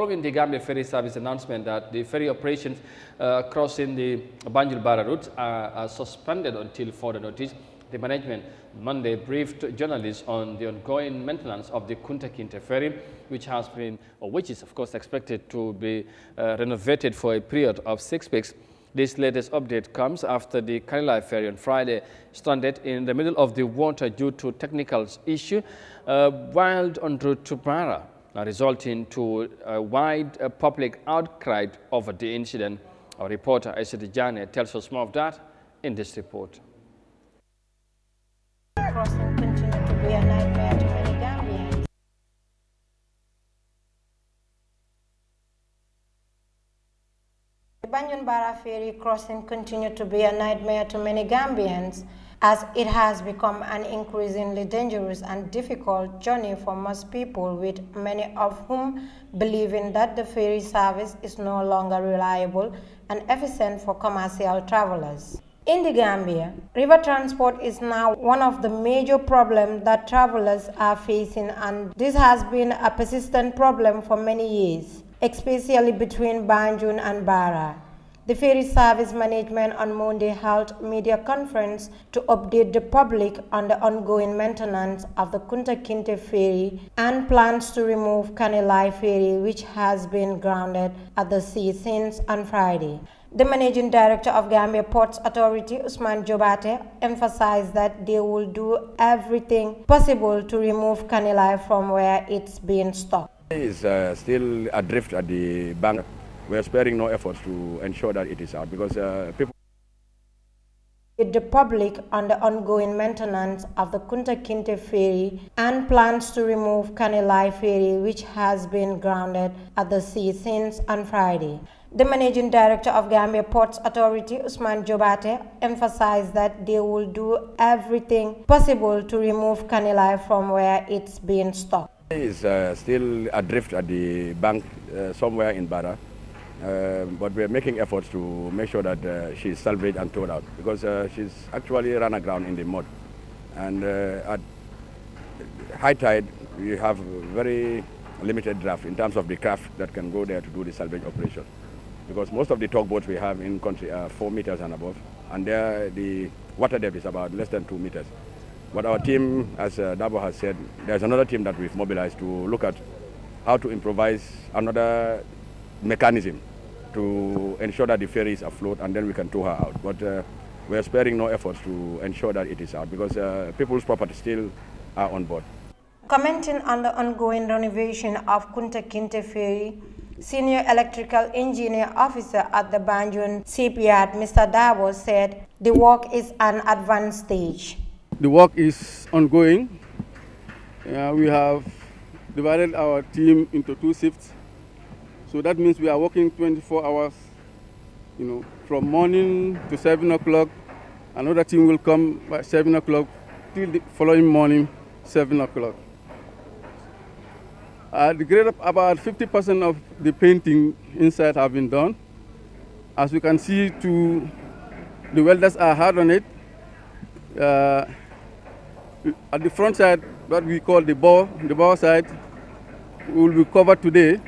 Following the Gambia ferry service announcement that the ferry operations uh, crossing the Banjul-Bara route are, uh, are, suspended until further notice, the management Monday briefed journalists on the ongoing maintenance of the Kunta Kinte ferry, which has been, or which is of course expected to be uh, renovated for a period of six weeks. This latest update comes after the Kanilai ferry on Friday stranded in the middle of the water due to technical issue uh, while on route to Barra. Uh, resulting to a wide public outcry over the incident. Our reporter Aisha Jane tells us more of that in this report. The Banyan Barra ferry crossing continued to be a nightmare to many Gambians as it has become an increasingly dangerous and difficult journey for most people, with many of whom believing that the ferry service is no longer reliable and efficient for commercial travelers. In the Gambia, river transport is now one of the major problems that travelers are facing and this has been a persistent problem for many years, especially between Banjul and Barra. The Ferry Service Management on Monday held media conference to update the public on the ongoing maintenance of the Kunta Kinte ferry and plans to remove Kanilai ferry which has been grounded at the sea since on Friday. The managing director of Gambia Ports Authority, Usman Jobate, emphasized that they will do everything possible to remove Kanilai from where it's being stuck. It's uh, still adrift at the bank we are sparing no efforts to ensure that it is out because uh, people. With the public on the ongoing maintenance of the Kunta Kinte ferry and plans to remove Kanilai ferry, which has been grounded at the sea since on Friday. The managing director of Gambia Ports Authority, Usman Jobate, emphasized that they will do everything possible to remove Kanilai from where it's being stocked. It's uh, still adrift at the bank uh, somewhere in Bara. Um, but we're making efforts to make sure that uh, she's salvaged and towed out because uh, she's actually run aground in the mud. And uh, at high tide, we have very limited draft in terms of the craft that can go there to do the salvage operation. Because most of the tugboats we have in country are four meters and above, and there the water depth is about less than two meters. But our team, as uh, Dabo has said, there's another team that we've mobilized to look at how to improvise another mechanism to ensure that the ferry is afloat and then we can tow her out. But uh, we are sparing no efforts to ensure that it is out because uh, people's property still are on board. Commenting on the ongoing renovation of Kunta Kinte Ferry, Senior Electrical Engineer Officer at the Banjun shipyard, Mr. Davo said the work is an advanced stage. The work is ongoing. Uh, we have divided our team into two shifts so that means we are working 24 hours, you know, from morning to 7 o'clock. Another team will come by 7 o'clock till the following morning, 7 o'clock. Uh, the grade about 50% of the painting inside have been done. As you can see, to the welders are hard on it. Uh, at the front side, what we call the bow, the bow side, will be covered today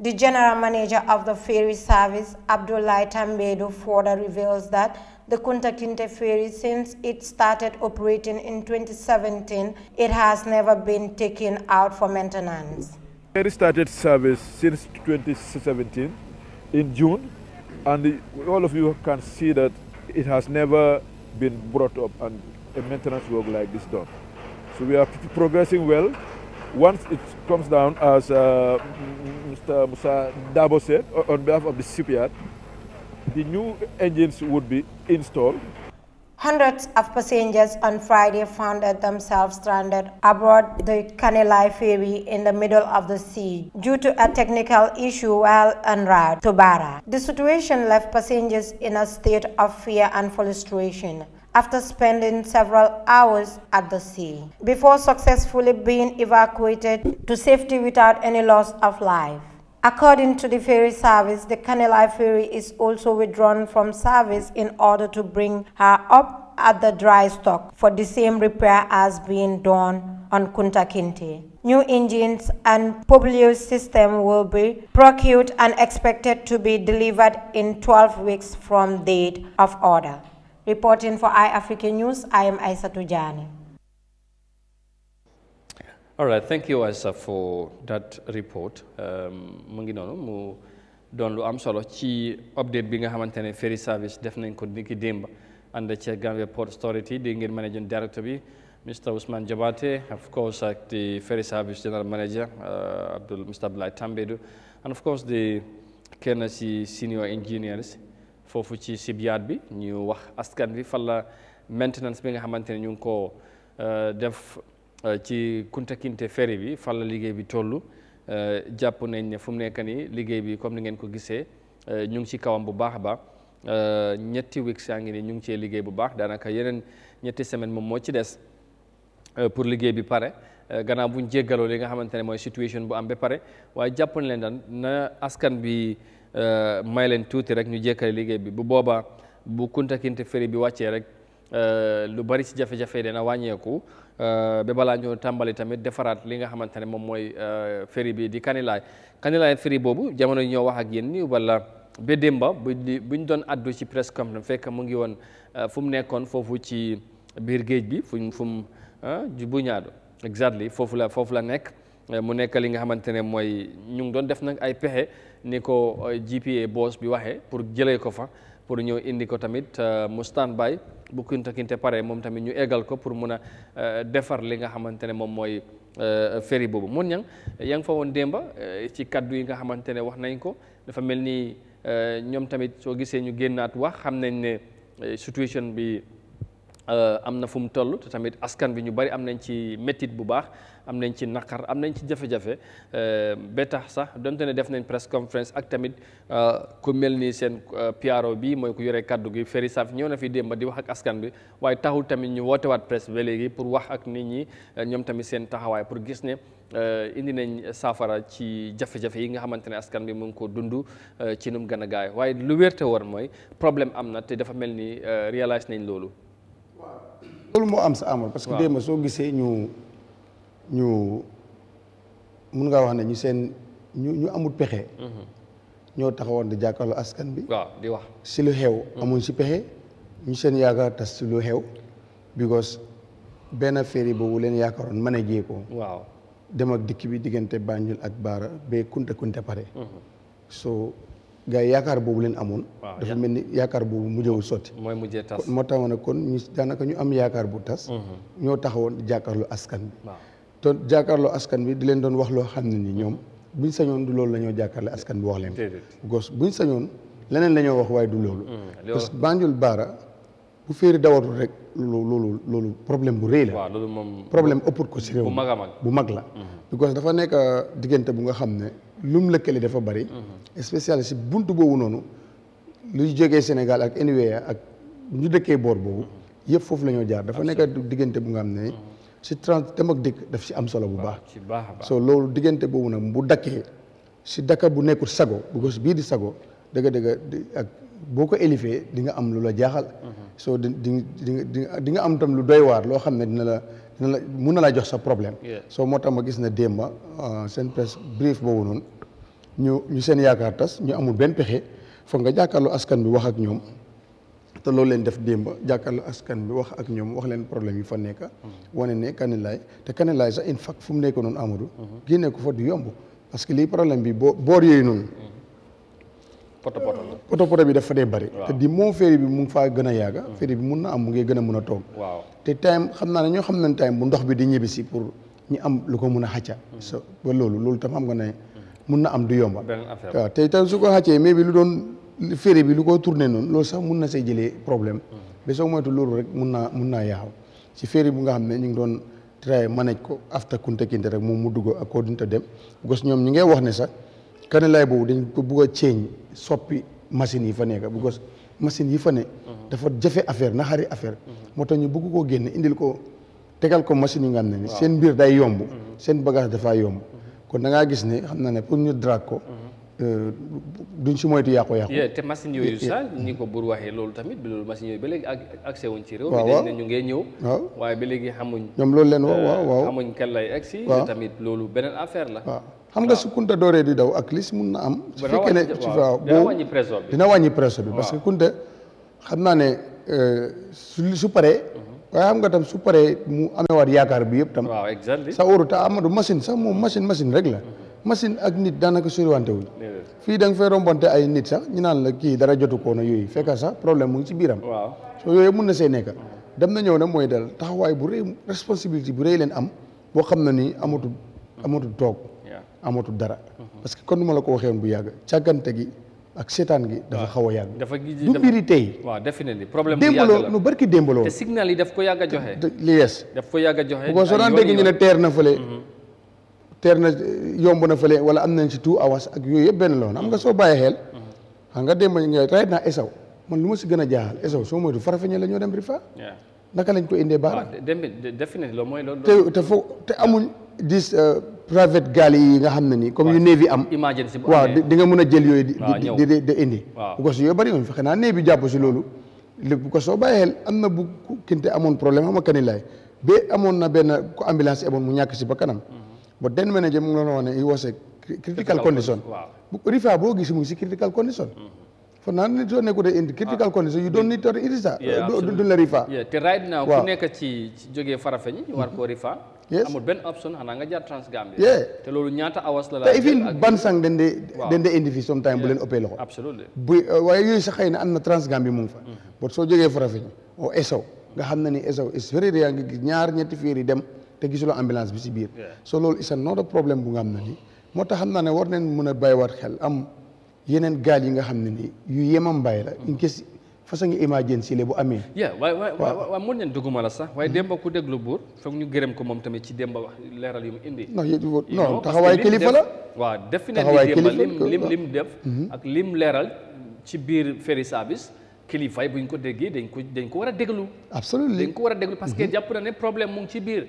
the general manager of the ferry service, Abdullah Tambedo, further reveals that the Kunta Kinte ferry, since it started operating in 2017, it has never been taken out for maintenance. Ferry started service since 2017 in June, and the, all of you can see that it has never been brought up and a maintenance work like this done. So we are progressing well. Once it comes down, as uh, Mr. Musa Dabo said, on behalf of the shipyard, the new engines would be installed. Hundreds of passengers on Friday found themselves stranded aboard the Canali ferry in the middle of the sea due to a technical issue while en route to Bara. The situation left passengers in a state of fear and frustration after spending several hours at the sea before successfully being evacuated to safety without any loss of life. According to the ferry service, the Kanilai ferry is also withdrawn from service in order to bring her up at the dry dock for the same repair as being done on Kunta Kinte. New engines and Publius system will be procured and expected to be delivered in 12 weeks from date of order. Reporting for iAfrican News, I am Aisa Tujani. All right, thank you Aisa, for that report. Mungkin um, noonu mu don lu am solo ci update bi nga xamante ferry service def nañ ko niki démb ànd ci Gambia Port Authority di ngeen managing director bi Mr. Ousmane Jabate, of course, like the Ferry Service General Manager, uh, Abdul Mr. Blai Tambedu, and of course the Kennedy Senior Engineers, foofu ci sibiyaat bi ñu wax askan bi fan la maintenance bi nga xamante ne ñu ngi koo euh, def euh, ci Kunta Kinte ferry bi fan la liggéey bi toll euh, jàpp nañ ne fu mu nekk nii liggéey bi comme ni ngeen ko gisee ñu ngi ci kawam bu baax a baax ñetti weeks yaa ngi nii ñu ngi cee liggéey bu baax daanaka yeneen ñetti semaine moom moo ci des pour liggéey bi pare gannaaw bu ñu jéggaloo li nga xamante ne mooy situation bu am ba pare waaye jàpp na leen daan na askan bi. Euh, may leen tuuti rek ñu jekkale liggéey bi bu boobaa bu kuntakinte feri bi wàccee rek euh, lu bari ci jafe-jafe dina wàññeeku euh, ba balaa ñu tàmbali tamit defaraat li nga xamante ne moom mooy feri bi di kanilaay kanilaay feri boobu jamono yi ñoo wax ak yéen ni wala ba démba bu ñu doon addu ci press conference fekk mu ngi woon fu mu nekkoon foofu ci biir géej bi fuñ fu mu bu ñaadu exactly foofu la foofu la nekk Euh, mu nekk li nga xamante ne mooy ñu ngi doon def nag ay pexe ni ko euh, GPA boos bi waxee pour jëlee ko fa pour ñëw indi ko tamit euh, mu stand by bu Kunta Kinteh pare moom tamit ñu eggal ko pour mun a defar li nga xamante ne moom mooy ferry boobu mun ñang yaa ngi fa woon démba ci kaddu yi nga xamante ne wax nañ ko dafa mel ni ñoom tamit soo gisee ñu génnaat wax xam nañ ne situation bi am na fu mu toll te tamit askan bi ñu bari am nañ ci métit bu baax am nañ ci naqar am nañ ci jafe-jafe euh, ba tax sax donte ne def nañ press conference ak tamit euh, ku mel ni seen euh, PRO bi mooy ku yore kàddu gi Ferry Saff ñoo na fi démb di wax ak askan bi waaye taxul tamit ñu woote waat presse ba léegi pour wax ak nit ñi ñoom tamit seen taxawaay pour gis ne indi nañ saafara ci jafe-jafe yi nga xamante ne askan bi mu ngi ko dund ci nu mu gën a gaay waaye lu wérte war mooy problème am na te dafa mel ni réalise nañ loolu. ñu mun ngaa wax ne ñu seen ñu ñu amul pexe. Mhm. ñoo taxawoon di jàkkaarloo askan bi. di wax si lu xew. Mhm. amuñ si pexe ñu seen yaakaar tas si lu xew. because benn ferry boobu leen yaakaaroon mën a jee ko. waaw dem ak dikk bi diggante Banjul ak Baara ba kunte kunte pare. Mhm. so gars yi yaakaar boobu leen amoon. dafa mel ni yaakaar boobu mujjewul sotti. mooy mujjee tas moo taxoon ne kon ñu daanaka ñu am yaakaar bu tas. ñoo taxawoon di jàkkaarloo askan bi. doon jàkkaarloo askan bi di leen doon wax loo xam ne ni ñoom buñ sañoon du loolu lañoo ñoo askan bi wax leen gos buñ sañoon leneen la wax waaye du loolu mm, parce que Baara bu féeri dawatul rek loolu loolu loolu problème bu rëy la problème ëpput ko si réew bu mag la mm-hmm. because dafa nekk euh, diggante bu nga xam ne lum lëkkale dafa bari mm-hmm. spécialiste si bunt boobu noonu luy jógee Sénégal ak anyway ak ñu dëkkee boor boobu mm-hmm. yëpp foofu la ñoo jaar dafa nekk diggante bu nga xam ne si trans dem ak dikk daf si am solo bu baax so loolu diggante boobu nag bu dakkee si dakka bu nekkul sago because bii di sago dëgg dëgg ak boo ko élifee di nga am lu la jaaxal mhm. so di di di nga am tam lu doy loo xam ne dina la dina la mun na la jox sa problème so moo tax ma gis na démba uh, seen presse brief boobu noonu ñu ñu seen yaakaar tas ñu amul benn pexe foog nga jàkkaarloo askan bi wax ak ñoom te loolu leen def démb jàkkaarloo askan bi wax ak ñoom wax leen problème yi fa nekk. Mm-hmm. wane ne Kanilai te Kanilai sax in fact fu mu nekkoon noonu Amadou. Mm-hmm. du yomb bi boo boor yooyu noonu. Mm-hmm. poto poto la bi dafa dee bëri. te di moom féeri mu ngi faa gën a yàgg. bi mun na am mu ngi gën mun a toog. xam naa ne ñoo xam nañ time bu ndox bi di ñibbi si pour ñu am lu ko mun a xàcca. loolu tam xam nga ne mun na am du yomba. bi lu doon. féere bi lu ko tourné noonu loolu sax mun na see jëlee problème hmm. ba soo moytu loolu rek mun naa mun naa si féere bu nga xam ne ñu ngi doon try manage ko after Kunta Kinte rek moom mu dugg ak koo dinta dem because ñoom ñu ngey wax ne sax kanelaay boobu dañ ko bugg a ceeñ soppi machine yi fa nekk because machine yi fa ne hmm. dafa jafe affaire na xari affaire hmm. moo tax ñu bugg koo génne indil ko tegal ko machine yi nga xam ne ni seen mbir day yomb da ngaa gis ne xam na Euh, duñ si moytu yàqu-yàqu. te machine yooyu sax ñi ko buur waxee loolu tamit loolu machine yooyu ba léegi accès wuñ ci réew. waaw waaw ñu ngee ñëw. waaw ba léegi xamuñ. ñoom loolu leen waaw waaw waaw euh, xamuñ kan lay agsi. waaw tamit loolu beneen affaire la. xam nga su kunta dooree di daw ak lis mun na am. su fekkee ne dina wàññi presso bi dina wàññi presso bi. parce que kunta xam naa ne euh, su su paree. Mhm. waaye xam nga tam su pare mu amewaat yaakaar bi yëpp tam. waaw exactement sa óoru te Amadou machine sax moom machine machine rek la mhm. machine ak nit danaka soriwante wuñ fii da nga fay rombonté ay nit sax ñu nan la ki dara jotu na yoy fekka sax problème mu ngi ci biiram so yoy mu na see nek dem na ñew na moy dal taxaway bu rëy responsibility bu rëy len am bo xamna ni amatu amatu tok amatu dara uh-huh. parce que kon duma la ko waxe bu yag ciagante gi ak setan gi dafa xaw a du mbiri tey waaw definitely problème bu yag dembolo nu barki démbaloo te signal yi daf ko yaga joxe li yes daf ko yaga joxe bu ko so daan dégg ñu na terre na fele terna na na fele wala am ci tout awas ak yoy yeb ben loon am nga so baye xel nga dem nga tay na esaw man luma ci gëna jaal a jaaxal esaw soo moytu farafeñe la ñoo dem rifa naka lañ ko indé baara ah, dem definitely lo lo moy te te fo te amuñ dis euh, private gal yi nga xamna ni comme yu navy am wa di nga mëna jël yoy di di di indi ko so yoy bari yoon fexe navy japp ci lolu le bu ko so baye xel amna bu kinte amone problème amakanilay be amone na ben ko ambulance eboon mu ñàkk si ba kanam mm. but then manager mu ngi doon wax ne it was a critical condition rifa boo gis mu ngi si critical condition mm-hmm. for naa nit soo nekkul in critical ah. condition you don't te right now ku nekk ci jógee Farafeñ mm-hmm. war koo rifa te even Bansang dañ dee dañ dee indi bu leen ëppee loxo absolument waaye yooyu sax xëy na am na Transgambia mu ngi fa mm-hmm. but soo jógee Farafeñ o oh, Esso nga xam na ni Esso is very rare nga gis ñaar ñetti fiir yi dem te gisuloo ambulance bi si biir. so loolu is another problème bu nga xam na nii. moo tax xam naa ne war nañ mën a bàyyiwaat xel am yeneen gaal yi nga xam ne nii yu yemam mbay la. in case façon emergency la bu amee. waaye waaye waaw mën nañ dugguma la sax waaye hmm. Demba ku déglu buur foog ñu gërëm ko moom tamit ci Demba wax leeral yu mu indi. non non taxawaay kilifa la. waaw def nañ li Demba lim lim def. Hmm. ak lim leeral ci biir ferry service. kilifaay bu ñu ko déggee dañ ko war a déglu. dañ ko war a déglu parce que mhm. jàpp na ne problème mu ci biir.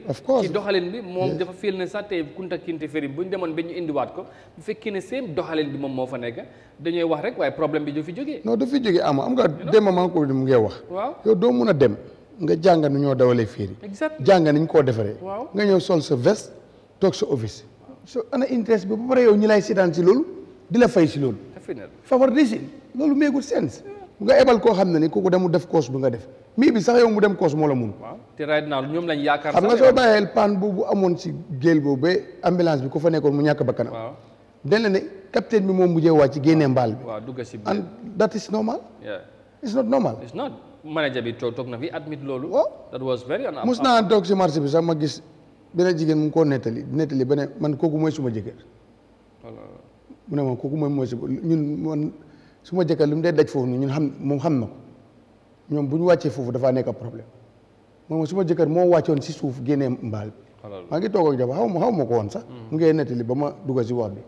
doxalin bi moom dafa fiil ne sax tey kunta kinte bu ñu demoon ba ñu indiwaat ko bu fekkee ne seen doxalin bi moom moo fa nekk dañuy wax rek waaye problème bi du fi jógee. non du fi jógee ama am nga dem maa ngi ko mu ngay wax. yow doo mun a dem nga jàng nu ñoo dawalee féeri. jàng nañu koo defaree. nga ñëw sol sa veste toog sa office. so nga ebal ko xamne ni kooku demu def course bu nga def mi bi sax yow mu dem course mo la mun. waaw te right now ñoom lañ sax xam nga bayel pan bu bu amoon si gel boobu be ambulance bi ku fa nekkon mu ñak bakana den la ne capitaine bi moom mujjee wacc gene mbal bi. wa dugg ci and that is normal. yeah it's not normal. it's not manager bi tok tok na fi admit lolu Oh? that was very an musna naa toog si marché bi sax ma gis benn jigen mu ko netali netali nettali man koku moy suma jëkkër. mu ne ma koku moy moy ñun man suma ma lu mu dee daj foofu ñun xam moom xam na ko ñoom bu ñu wàccee foofu dafaa nekk problème moom suma ma jëkkër moo wàccoon si suuf génnee mbaal bi maa ngi toog ak jaba xaw ma xaw ma ko woon sax hmm. mu ngi nettali ba ma dugg si wax bi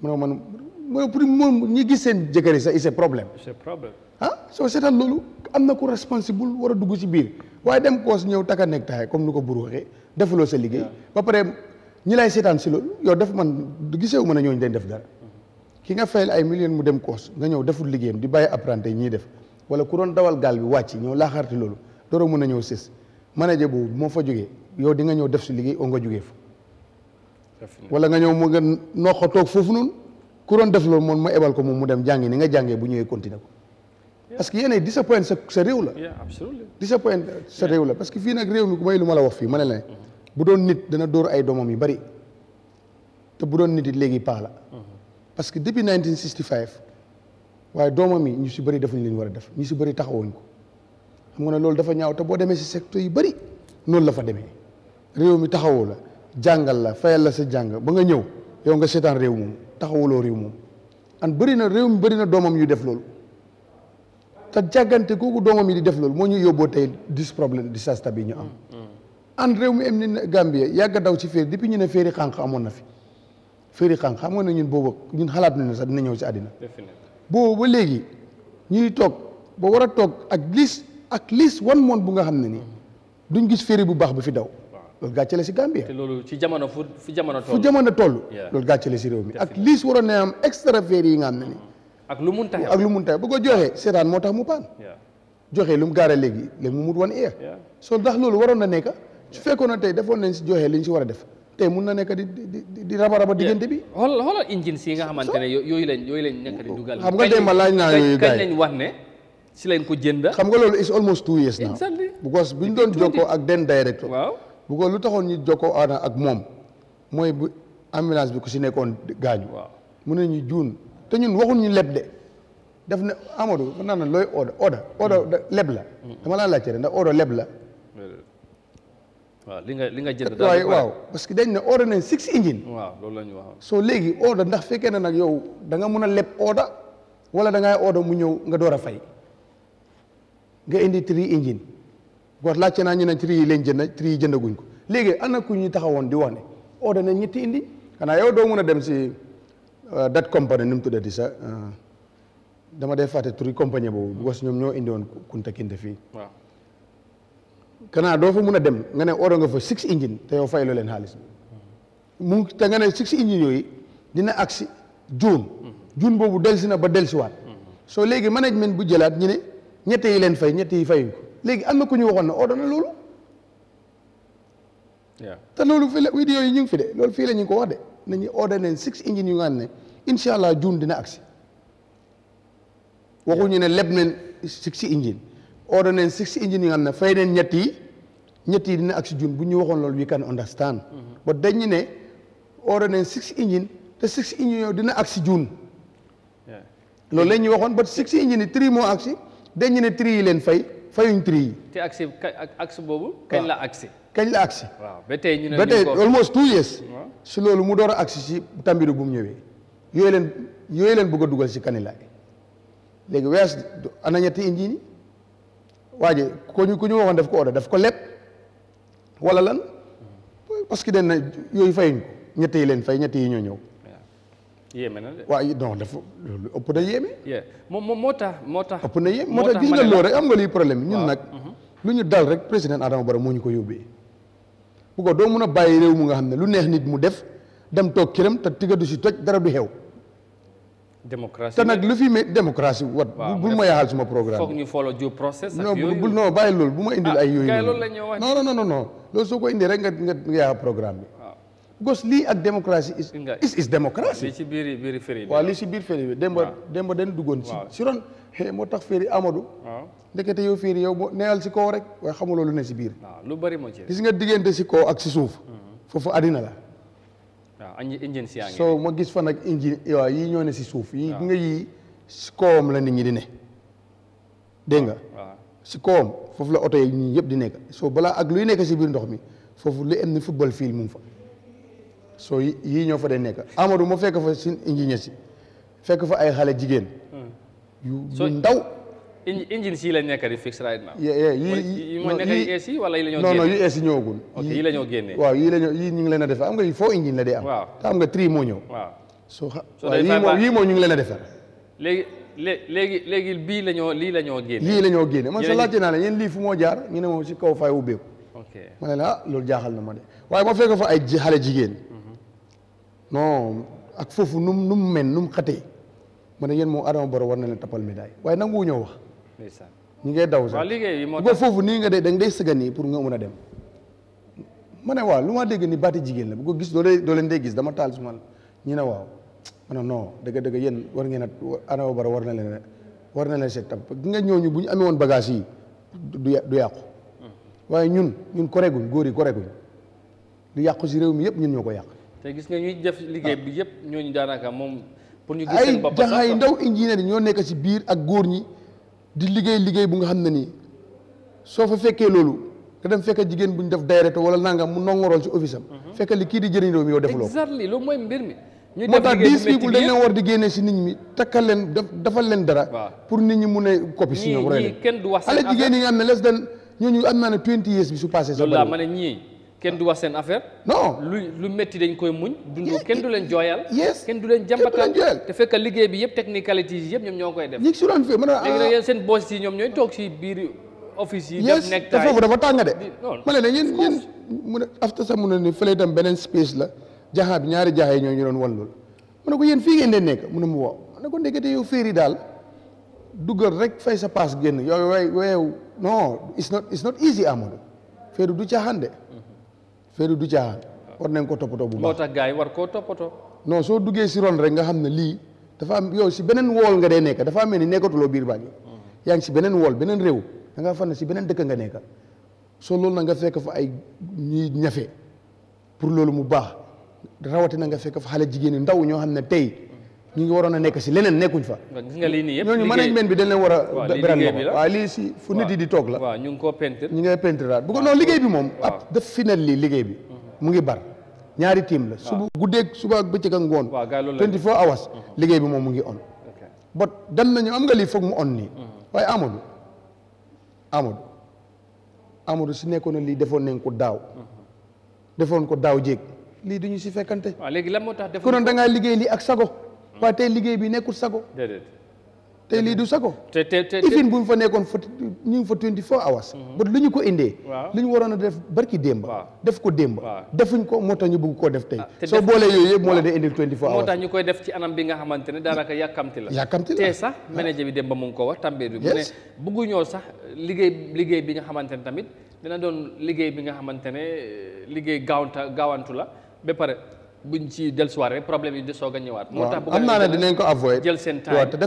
mu ne man mooy pour moom ñi gis seen jëkkër yi sax c'est problème ah soo seetaan loolu am na ku responsable war a dugg si biir waaye dem koos ñëw taka nekk taay comme ni ko bur waxee defuloo sa liggéey ba pare ñi lay seetaan si loolu yow def man gisewuma mën ñooñu dañ def dara ki nga fayal ay million mu dem course nga ñew deful liggéeyam di baye apprenté ñi def wala ku doon dawal gal bi ñew la xarti lolu doro mën a ñëw sës manager bu mo fa jógee yow di nga ñew def ci liggéey o nga jógee fa wala nga ñëw mu nga noqa tok fofu nun ku doon def lolu mon ma ebal ko mom mu dem jangé ni nga jangé bu ñewé continuer ko parce que yene disappoint sa sa la disappoint sa rew la parce que fi nak rew mi mooy lu ma la wax fi mané lay mm-hmm. bu doon nit dana door ay domam yu bari te bu doon nit it léegi la mm-hmm parce que depuis 1965 waye doomam yi ñu ci bari defuñu ñu leen wara def ñu si bëri taxawuñ ko xam nga ne dafa ñaaw te bo démé ci secteur yu bari non la fa démé réew mi taxawu la jangal la fayal la sa jang ba nga ñew yow nga sétan réew moom lo réew moom an bari na réew mi bari na doomam yu def lool ta jagante gogu doomam yi di def lool mo ñu yobbo tay dis problème disasta bi ñu am mm, mm. an réew mi am ni Gambie yàgg daw ci fer depuis ñu ne féeri xank amon na fi féeri xànq xam nga ne ñun boobu ñun xalaat ne sax dina ñëw si àddina boobu ba léegi ñuy toog ba war a toog ak lis ak lis wan moon bu nga xam ne ni mm-hmm. duñ gis féeri bu baax bu fi daw loolu gàccale si Gambia te loolu ci jamono fu jamono toll jamono toll loolu gàccale si réew mi ak liis waroon na am extra féeri yi nga am ne ni mm-hmm. ak lu mun taxe ak lu mun ko joxee seetaan moo tax mu paan joxee lu mu gaare léegi léegi mu mut wan eer so ndax loolu waroon na nekk su fekkoon na tey defoon nañ si joxee li ñu si war a def tey mën na nek di di di raba raba digënté bi. hol hol engine si nga xamantene yoy lañ yoy lañ nek di oh, oh. dugal. xam nga tey ma laaj na yoy yi kañ lañ wax si lañ ko jënd. xam nga lolu is almost two years now. exactly because buñ doon joko ak den direct waw bu ko lu taxoon ñi joko ana ak mom moy bu ambulance bi ku ci nekkon gaañu. waw mun ñu joon te ñun waxuñ ñu leb de. def na Amadou mën naa ne order order order hmm. leb la. Hmm. dama la laajte rek ndax order leb la waaw li nga li nga jënd waaw parce que dañ ne order nañ six engine waaw loolu la ñu wax soo léegi order ndax fekkee ne nag yow da nga mun a leb order wala da ngay order mu ñëw nga door a fay nga indi three engine parce laajte naa ñu ne three yi leen jënd three yi jëndaguñ ko léegi ana ku ñu taxawoon di wax ne order nañ ñetti indi xanaa yow doo mun a dem si euh, dat company nu mu tuddati sa euh, dama dee fàtte turi compagnie boobu parce que ñoom ñoo indi woon kunta kinte fii waaw Canada doo fa mun a dem nga ne order nga fa six engine te yow fayloo leen xaalis mu te nga ne six engine yooyu dina agsi juun juun boobu delsi na ba delsiwaat soo léegi management bu jëlaat ñu ne ñett yi leen fay ñetti yi fayuñ ko léegi am na ku ñu waxoon na order na loolu te loolu fi la vidéo yi ñu ngi fi de loolu fii la ñu ngi ko wax de nañu order leen six engine yu nga xam ne incha allah juun dina agsi waxuñu ne leb nañ six engine Orang yang six engineering yang na fay engine ñett yi ñett yi dina ak si jun bu ñu waxoon loolu we can understand mhm. ba dañu ne order nañ six engine te six engine yow dina ak si jun loolu la ñuy waxoon ba six engine yi tri moo aksi si dañu ne tri yi leen fay fayuñ tri yi te aksi aksi boobu kañ la aksi kañ la aksi waaw ba tey ñu ne almost two years si loolu mu door a aksi si tambiru bu mu ñëwee yooyu leen buka leen bëgg a dugal si kanilaay léegi ana ñetti engine waji ko ñu ku ñu waxoon daf ko order daf ko leb wala lan parce que den yoy yooyu fayuñ ko ñett yi fay ñetti yi ñoo ñew yéeme na wa waaye non dafa loolu ëpp na yéeme mo moo tax moo tax ëpp na yéeme moo tax gis nga lo rek am nga li problème ñun nak mhm. lu ñu dal rek président adam Barrow moo ñu ko yobé bu ko do mëna a rew mu nga xamné lu neex nit mu def dem tok këram ta tigadu ci toj dara du xew démocratie te nag lu fi mais démocratie wat bul ma yaaxal suma programme foog ñu follow due process ak yooyu bul non bàyyi loolu bu ma indil ah, ay yooyu non non non non loolu soo ko indee rek nga nga yaaxal programme bi ah. gos lii ak démocratie is is démocratie ci biir biir féri lii si biir féri bi démba ah. démba den duggoon si si ron moo tax féri Amadou ndekete yow féri yow moo neexal si kaw rek waaye xamuloo lu ne si biir lu bari moo ci gis nga diggante si kaw ak si suuf mm-hmm. foofu àddina la engine si so ma gis fa nag engine waaw ñoo ne si suuf yi nga yii si kawam la nit ñi di ne dégg nga si kawam foofu la oto yi ñii yëpp di nekk so balaa ak luy nekk si biir ndox mi foofu lu am ni football field mu ngi fa so yii ñoo fa dee nekk Amadou ma fekk fa si ingénieur si fekk fa ay xale jigéen hmm. yu ndaw engines yi lañ nekk di fix right now. yi yi wala yi la ñoo génne non non yu ees yi la ñoo génne. waaw yi la ñu ngi leen a am nga yi foo engine la day am. waaw te am nga tri soo xa waaw yii moo ngi leen a defar. léegi léegi léegi bii la ñoo lii la ñoo génne. lii la génne man sa laajte naa lii fu moo jaar ñu si kaw fay ubbeeku. ok ma ne ah, loolu jaaxal na ma de waaye ma fekk fa ay xale jigéen. Mm-hmm. non ak foofu nu mu nu mu mel ma ne yéen moom Adama Barrow war na leen tapal médaille waaye nangu ñëw wax ñu ngay daw sax bu ko foofu nii nga de da nga day nii pour nga mën a dem ma ne waaw lu ma dégg ni baati jigéen la bu ko gis doo doo leen day gis dama taal suma ñu ne waaw ma ne non dëgg dëgg yéen war ngeen a ana bara war na leen war na leen seet tam gi nga ñooñu bu ñu amee woon bagage yi du yàqu hmm. waaye ñun ñun koreguñ góor yi koreguñ lu yàqu si réew mi yëpp ñun ñoo ko yàq te gis nga ñuy def liggéey bi yëpp ñooñu daanaka moom pour ñu gis seen ay jaxaay ndaw ingénieur yi ñoo nekk si biir ak góor ñi di liggéey liggéey bu nga xam ne nii soo fa fekkee loolu nga dem fekk jigéen bu ñu def dayreto wala nangam mu nongorool si office am. Mhm. fekk li kii di jëriñ réew mi yow def mooy mbir mi. moo tax dix people dañ leen war di génne si nit ñi takkal leen defal leen dara. pour nit ñi mun a copie si ñoom. ñii ñii kenn du wax seen affaire xale jigéen ñi nga xam na les dan ñooñu am naa ne 20 years bi su passé. sa loolu kenn du wax seen affaire. non lu lu dañ koy muñ. dund kenn du leen jooyal. yes kenn du leen jàmbataan te fekk liggéey bi yëpp technicalities yi ñoom ñoo koy def. ñi si doon fi mën a léegi ah. nag yéen dafa tàng de. ma ne leen yéen yéen mu ne afta sax mu ne ni fële itam beneen space la jaxaa bi ñaari jaxaa yi ñoo ñu doon wallul mu ne ko yéen fii ngeen dee nekk mu ne mu woo sa paas génn féeri du caaxaan de mm. féeri du caaxaan war nañ ko toppatoo bu baax moo tax gars yi war koo toppatoo non soo duggee si ron rek nga xam ne lii dafa am yow si beneen wool nga dee nekk dafa mel ni nekkatuloo biir bàgg mm-hmm. yaa ngi si beneen wool beneen réew da ngaa fan ne si beneen dëkk nga nekka soo loolu na nga fekk fa ay ñuy ñafe pour loolu mu baax na nga fekk fa xale jigéen ñi ndaw ñoo xam ne tey ñi ngi warona nek ci si leneen nekkuñ fa. gis nga lii nii yëpp ñooñu management bi dañ leen wara a. waaw wa li ci si fu nit yi di tok la. wa ñu ngi koo peintre. ñu ngi koy daal bu ko non liggéey bi mom ap daf final li liggéey bi. Mhm. mu ngi bar ñaari team la. waaw guddé ak suba ak bëccëg ak ngoon. 24 hours. Mhm. liggéey bi mom mu ngi on. ok bot dan nañu am nga li fokk mu on ni mhm. waaye Amadou Amadou Amadou ci nekkoon Li defon nañ ko daw defon ko daw jek li duñu ci fekkante. wa léegi lan moo tax ko non da nga liggéey li ak sago Mm. waaye tey liggéey bi nekkul sago. déedéet lii du sago. te te te ifin bu ñu fa nekkoon fa ñu ngi fa 24 hours. Mm-hmm. ba lu ñu ko indee. waaw lu ñu waroon a def barki démb. def ko démb. defuñ ko moo tax ñu bëgg koo def tey. Ah, soo boolee yooyu yëpp moo la dee indil 24 hours. ñu koy def ci anam bi nga xamante daanaka yàkkamti la. yàkkamti la te sax manager bi démb mu ngi ko wax tambeer bi. mu ne ñoo sax liggéey liggéey bi nga xamante ne tamit dina doon liggéey bi nga xamante ne liggéey gaawanta gaawantu la ba pare buñ ci dellusiwaat rek problème yi di soog a ñëwaat. moo tax am naa ne dinañ ko avoid jël seen time waaw te a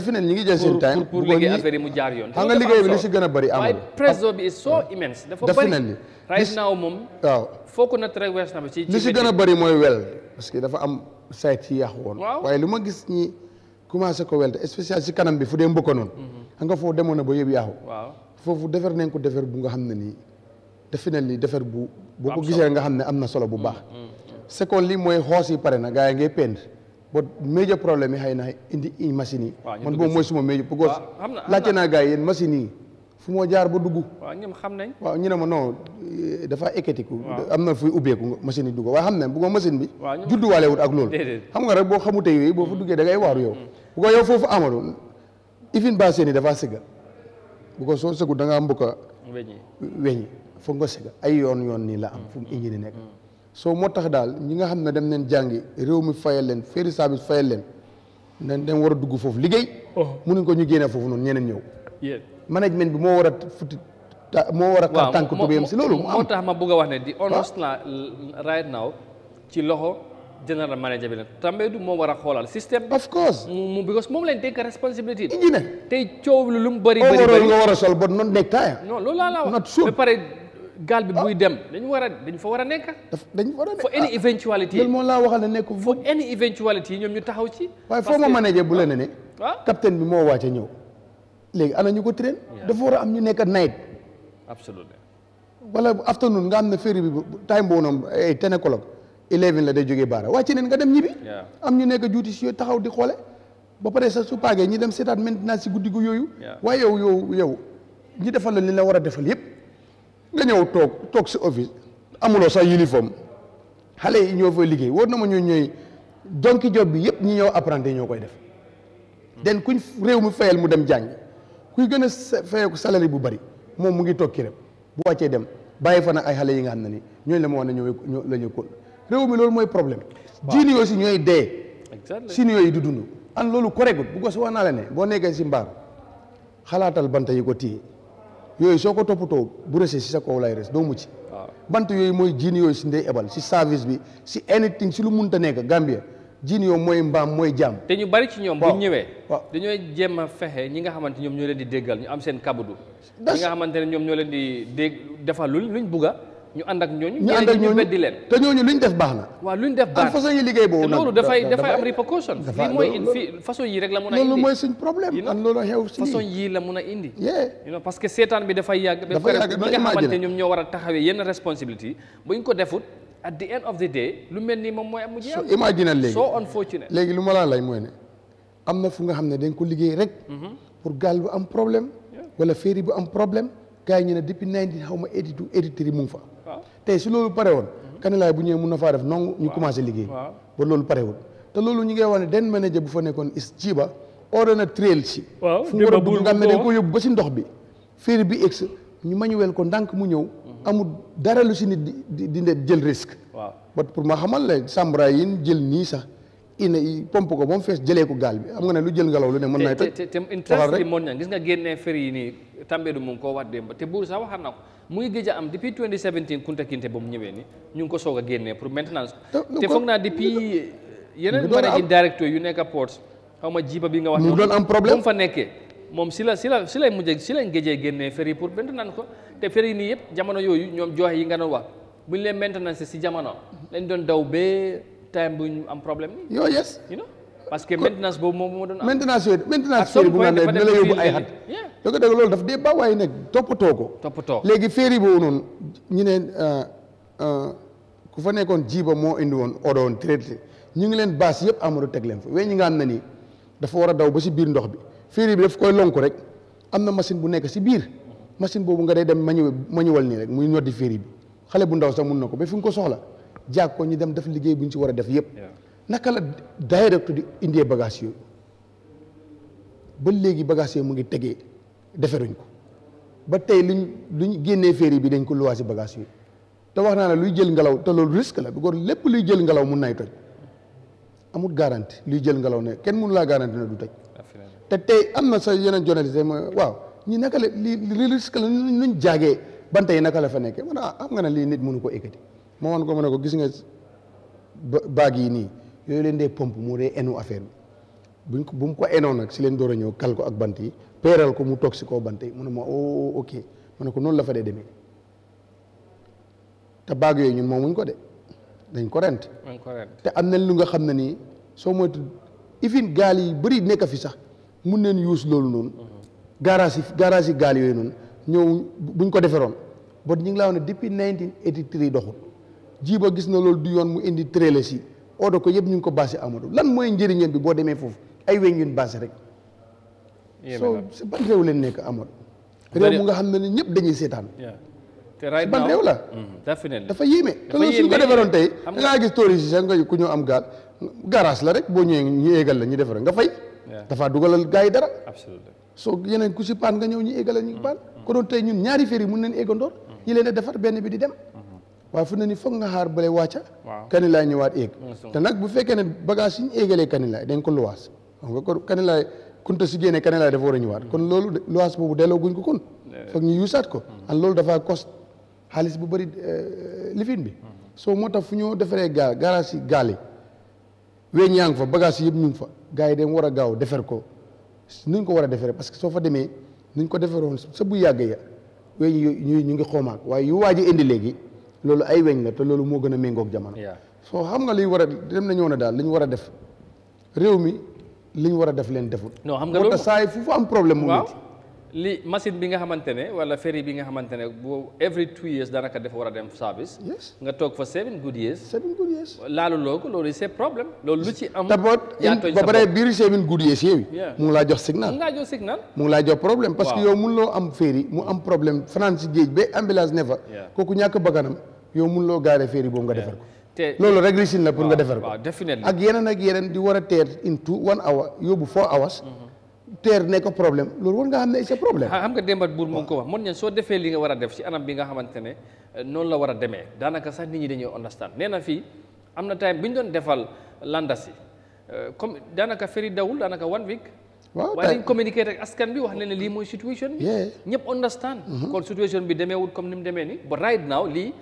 dafa a am site yi yàqu woon. waaye lu ma gis ñi commencé ko wel te si kanam bi fu dee mbokk noonu. Mm-hmm. xam nga foofu demoon na ba yëpp yàqu. foofu defar nañ ko bu nga xam ne nii defe nañ li defar bu boo ko gisee nga xam ne am na solo bu baax mm-hmm. second li moy xoos yi na gaay ngay peindre but major problème yi xëy na indi machine yi man bo moy suma major parce la ci na gaay yeen machine yi fu mo jaar ba dugg wa ñoom xam nañ waaw ñu ma non eh, dafa ku amna fu ubé ku machine yi dugg wa xam nañ bu ko machine bi walé wut ak lool xam nga rek bo xamuté yoy bo fu mm. duggé da ngay war yow mm. bu ko yow fofu amaloon ifin ba seen yi bu ko so sëggu da ngaa wéñi wéñi fu nga sëgga ay yoon yoon ni la am mm. fu mu inji soo moo tax daal ñi nga xam ne dem neen jàngi réew mi fayal leen ferry service fayal leen nañ dem war a dugg foofu liggéey. Oh. mënuñ ko ñu génnee foofu noonu ñeneen ñëw. management bi moo war a futti moo a. waaw tànk tubéyam si loolu. moo a wax ne di honest la right now ci loxo general manager bi moo war a xoolal système. of course mu because moom lañ dénk responsibility. tey coow lu mu bëri bëri bëri overall nga war a sol gaal bi buy ah. dem dañu war a dañ fa war a nekk. dañ war a nekk for any ah, eventuality. loolu moom laa waxal ne nekku for any eventuality ñoom ñu taxaw ci. waaye foo ma manager bu la ne ne. Ah. capitaine bi moo wàcce ñëw. léegi ana ñu ko train. dafa war a am ñu nekk night. walla wala afternoon nga am na ferry bi time boobu noonu ay ten o'clock eleven la day jógee baara wàcce neen nga dem ñibbi. am ñu nekk juuti si yooyu taxaw di xoole. ba pare sa su paagee ñi dem seetaat maintenant si guddi gu yooyu. waaye yow yow yow ñi defal la li la war a defal yëpp. nga ñëw toog toog si office amuloo sax uniforme xale yi ñoo fa liggéey wóor na ma ñoo ñooy donki job bi yëpp ñi ñëw apprenti ñoo koy def den kuñ réew mi fayal mu dem jàng kuy gën a fayeeku salaire bu bari moom mu ngi toog këram bu wàccee dem bàyyi fa nag ay xale yi nga xam ne ni ñooñu la ma wax ne ñoo la ko réew mi loolu mooy problème jiini yooyu si ñooy dee sini yi di dund an loolu correct bu ko wax naa la ne boo nekkee si mbaar xalaatal banta yi ko téye yooyu soo ko toppatoo bu resee si sa kaw lay res doo mucc ah. bant yooyu mooy jiin yooyu si ndey ebal si service bi si anything si lu munta nekk Gambia jiin yow mooy mbaam mooy jaam te ñu bari ci ñoom bu ñëwee dañooy jéem a fexe ñi nga xamante ñoom ñoo leen di déggal ñu am seen kabudu ñi nga xamante ne ñoom ñoo leen di dégg defal luñ luñ bugga ñu ànd ak ñooñu. ñu ànd ak ñooñu weddi leen te ñooñu luñ def baax na. waaw luñ def baax na façon yi liggéey boobu. loolu dafay dafay am répercussion. dafa lii mooy fii façon yii rek la mun a indi. loolu mooy suñ problème ak loolu parce que seetaan bi dafay yàgg. dafay ñoom ñoo war a taxawee yenn responsabilité buñ ko defut at the end of lu mel nii moom mooy am. mu jeex so imagine lu ma laa lay mooy am na fu nga xam ne dañ ko liggéey rek. Mm-hmm. pour gaal bu am problème wala féeri bu am problème gars yi ñu ne depuis 19 xaw ma 82 83 mu ngi fa. tey si loolu pare woon. Mhm. Kanilaay bu ñëwee mun na faa def nongu ñu commencé liggéey. ba loolu parewul te loolu ñu ngi wax ne den manager bu fa nekkoon is order na trail si. fu mu war a dugg nga xam ne dañ ko yóbbu ba si ndox bi. féer bi egg ñu mañuweel ko ndànk mu ñëw. Mhm. amul dara lu si nit di di jël risque. waaw ba pour ma xamal la sambra yi jël nii sax. ina yi pompe ko ba mu fees jëlee ko gaal bi xam nga ne lu jël ngelaw lu ne mën na te te te mon na gis nga génnee feri nii Tambédou mu ngi koo wat démb te buur sax waxaat na ko a am depuis 2017 Kunta Kinte mu ngi ko a génnee director yu nekk port xaw ma jiiba bi nga wax mu doon am problème fa nekkee moom si la si la si lay mujjee si lañ géjee génnee feri pour maintenance ko te feri nii yëpp jamono yooyu ñoom joxe yi nga doon wax buñ leen maintenance si jamono lañ doon daw time bu ñu am problème ni parce que maintenance boobu moom moo doon am maintenance yooyu maintenance ferry bu nga ne dina la yóbbu ay xat toppatoo ko toppatoo léegi ferry boobu noonu ñu ne euh, euh, ku fa nekkoon jiiba moo indi woon odo woon ñu ngi leen baas yëpp amado teg leen fa we ñi nga na nii dafa war a daw ba si biir ndox bi ferry bi daf koy lonku rek am na machine bu nekk si biir machine boobu nga day dem mañu mañuwal nii rek muy ñoddi ferry bi xale bu ndaw sax mun na ko ba fi nga ko soxla jàkk ko ñu dem def liggéey bu ñu ci war a def yépp naka la daayira tuddi indee bagage yooyu ba léegi bagage yooyu mu ngi tegee deferuñ ko ba tey lu ñu génnee féeri bi dañ ko luwaa si bagage yooyu te wax naa ne luy jël ngelaw te loolu risque la parce lépp luy jël ngelaw mun nay toj amul garanti luy jël ngelaw ne kenn mënu laa garanti ne du toj te tey am na sa yeneen journaliste ma waaw ñu naka la li li risque la nuñ jaagee banta yi naka la fa nekkee man ah xam nga ne lii nit mënu ko ekkati ma woon ko ma ne ko gis nga baag yi ni yo leen dee pompe mo dee enu affaire bi buñ ko bu ko enoon nak si leen doora ñew kal ko ak banti yi ko mu tok ci ko bant yi ne ma o oh, ok ma ne ko non la fa dee demee ta baag yi ñun moomuñ ko de dañ ko rent te am nañ lu nga xam ni so mo moytu ifin gaal yi bari nekk fi sax mun neen yuus loolu noonu mm-hmm. garage garage yi gaal yooyu noonu ñëw buñ ko deferoon bot ñing la laa depuis 1983 doxul jiba gis na lol du yon mu indi tréla ci odo ko yeb ñu ko basé Amadou lan moy njëriñam bi bo démé fofu ay wéñ ñun basé rek so si ban rew leen nek Amadou rew mu nga xam ne ne ñëpp dañuy seetaan si ban rew la mm-hmm. dafa yéme te loolu suñu ko défaron tay da gis touriste ci sax nga ku ñu am gal garage la rek bo ñëwee ñi égal la ñi défar nga fay dafa dugalal gaay dara so yeneen ku ci pan nga ñëw égal la ñi pan mm-hmm. ko doon tay ñun ñaari féeri mun nañ ndor mm-hmm. ñi leen défar benn bi di dem waaye fu ne ni foog nga xaar bële wàcca kanilaay ñëwaat éeg te nag bu fekkee ne bagage yi ñu éegalee kanilaay dañ ko luwaas xam nga kon kanilaay kunta si génnee kanilaay dafa war a ñëwaat mm. kon loolu luwaas boobu delloo guñ ko kon eh. foog ñu ko mm. loolu dafa cost xaalis bu bëri eh, lifin bi mm. soo moo tax fu ñoo defaree gaal garage yi gaal yi weñ yaa ngi fa bagage yëpp ñu ngi fa gars yi dañ war a gaaw defer ko nuñ ko war a deferee parce que soo fa demee nuñ ko deferoon sa bu yàgg ya weñ ñu ñu ngi xoomaak waaye yu waaj a indi léegi loolu ay weñ la te loolu moo gën a méngoog jamono. soo xam nga liy war a dem na ñëw na daal li war a def réew mi li ñu war a def leen deful. non xam nga loolu moo tax saa yi am problème. waaw li machine bi nga xamante ne wala ferry bi nga xamante ne boo every two years daanaka dafa war a dem service. nga toog fa seven good years. seven loo ko loolu c'est loolu lu ci am yaa tooñ sa ba pare biir seven good years yooyu. mu ngi laa jox signal mu ngi laa jox signal. mu ngi laa problème parce que yow loo am ferry mu am problème fanaan si géej ba ambulance ne fa. kooku ñàkk bakkanam yow mënuloo gaare ferry boobu nga defar ko. loolu rek risine la pour nga defar ko. ak yeneen ak yeneen di war a teer into one hour yóbbu four hours. Mm-hmm. teer ne ko problème loolu war nga xam ne c'est problème. xam nga démbat buur mu ngi ko wax mën nañu soo defee li nga war a def ci anam xamante ne eh, noonu la war a demee daanaka sax nit ñi dañuy understand nee na fii am na time bi ñu doon defal landasi eh, comme daanaka ferry dawul daanaka one week. waaw waaye dañ communiqué rek askan bi wax leen ne lii mooy situation bi. ñëpp understand. Mm-hmm. kon situation bi demeewul comme ni mu demee nii ba right now lii.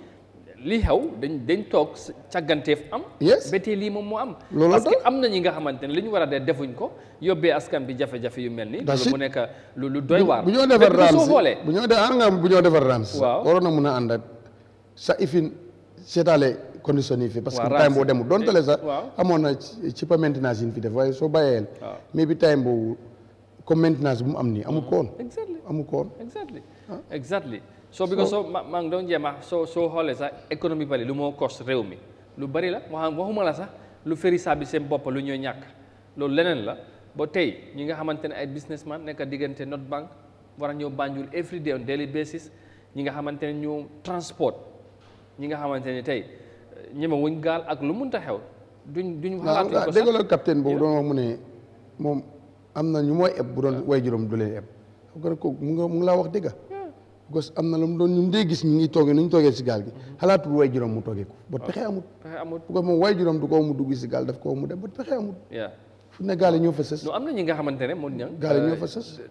lii xew dañ dañ toog càgganteef am. yes ba lii moom mu am. loolu parce am na ñi nga xamante ne li ñu war a def defuñ ko yóbbee askan bi jafe-jafe yu mel nii. loolu mu nekk lu lu doy waar. bu ñoo defar raam si bu ñoo defar nga bu ñoo defar raam si. waaw waroon na mun a ànd ak sa ifin seetaale condition yi fi. parce que time boo demu donte le sax. amoon na ci pa maintenance yi ñu fi def waaye soo bàyyee. waaw mais bi time boobu comme maintenance bu mu am nii amul mm-hmm. koon. exactly amul koon. exactly. Ah. so because so mang don jema so so hole sa economy bari lu mo cost rew mi lu bari la waxuma la sax lu feri sabi sen bop lu ñoy ñak lolou leneen la bo tay ñi nga xamantene ay businessman nek digënté not bank wara ñoo banjul every day on daily basis ñi nga xamantene ñu transport ñi nga xamantene tay ñima wuñ gal ak lu munta xew duñ duñ xalaat ko sax lo capitaine bobu doon wax mom amna ñu moy eb bu doon wayjurum du leen eb ko mu nga mu la wax gos am na lu mu doon ñun dee gis ñu ngi toogee nu ñu toogee si gaal gi mm-hmm. xalaatul way juróom mu toogee ko ba ah. pexe amut bu moom way juróom du ko mu dugg si gaal daf ko mu dem ba pexe amut fu ne gaal yi ñoo fa sës am na ñi nga xamante ne moom ñang gaal yi ñoo euh, fa sës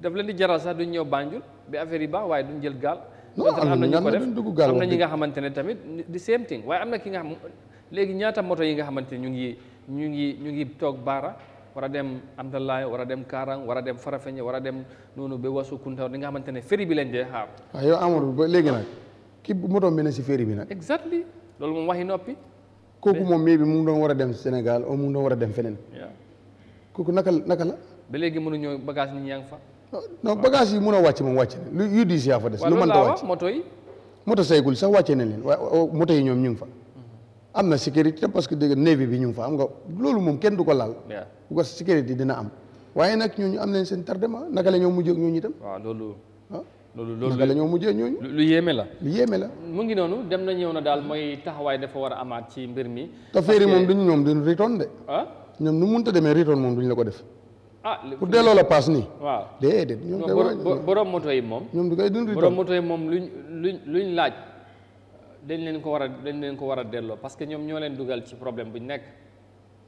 daf leen di jaral sax duñ ñëw Banjul bi affaire yi baax waaye duñ jël gaal non am na ñu ko def am na ñi nga xamante ne tamit di same thing waaye am na ki nga xam léegi ñaata moto yi nga xamante ne ñu ngi ñu ngi ñu ngi toog baara war a dem Amdalaay war a dem Kaarang war a dem Farafeñe war a dem noonu ba wasu Kunta di nga xamante ne féri bi leen dee xaar. waaw ah, yow Amadou ba léegi nag ki moto bi ne si féri bi nag. exactly loolu moom waxi noppi. kooku moom mii bi mu doon war a dem Sénégal o mun doon war a dem feneen. waaw kooku naka naka la. ba léegi mënuñoo bagage ñi yaa fa. Ah, non bagage yi mun a wàcc moom wàcc na lu yu diis yaa fa des. lu mën wàcc moto yi. moto saygul sax wàcce nañ leen waaye moto yi ñoom ñu fa. amna sécurité parce que dégg navy bi ñu fa am nga lolu mom kenn duko ko laal. bu ko sécurité dina am. nak nag ñu am nañ seen tardement naka la ñoo mujjé ak ñooñu itam. waaw lolu ah? lolu loolu naka la ñoo mujjé ñooñu. lu yéme la. lu yéme la. mu ngi nonu dem na ñew na dal moy taxaway dafa wara amaat ci mbir mi. te féeri moom duñu ñoom duñu ritoon de. Ah? ñom nu munta démé return mom duñ la ko def. ah pour delloo la paas nii. waaw déedéet ñoom. borom moto yi mom ñom du koy duñ return borom moto yi mom luñ luñ laaj. dañ leen ko war a leen ko war a delloo parce que ñoom ñoo leen dugal ci problème bu ñu nekk.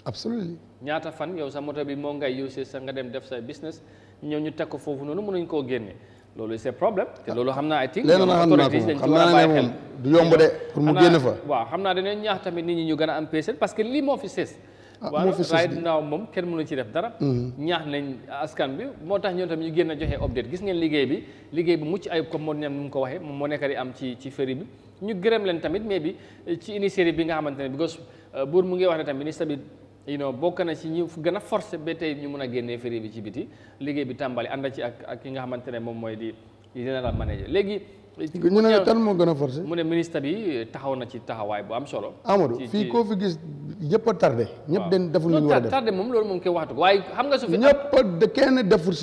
absolument ñaata fan yow sa moto bi moo ngay yow sa nga dem def sa business ñëw ñu teg ko foofu noonu mënuñ koo génne loolu c'est problème. te loolu xam naa itam. léegi nag xam naa ko xam naa de pour mu génn ñaax tamit nit ñi ñu gën a am patience parce que lii moo fi sës. waaw raay naaw moom kenn mënu ci def dara mhm. ñaax nañ askan bi moo tax ñoom tamit ñu génn joxe update gis ngeen liggéey bi liggéey bi mucc ayib comme moo ñam ni mu ko waxee moom moo nekk di am ci ci ferry bi ñu gërëm leen tamit mais bi ci initiative bi nga xamante ne because euh, buur mu ngi wax ne tamit ministre bi you know bokk na ci ñi gën a forcé ba tey ñu mun a génnee ferry bi ci biti liggéey bi tàmbali ànd ci ak ak ki nga xamante ne moom mooy di général manager léegi ñu ne kan moo gën a forcé na ci taxawaay bu am Amadou fii koo fi gis yëpp a tardé. ñëpp den deful li ñu war a def tardé moom loolu moom koy waxtu waaye xam nga si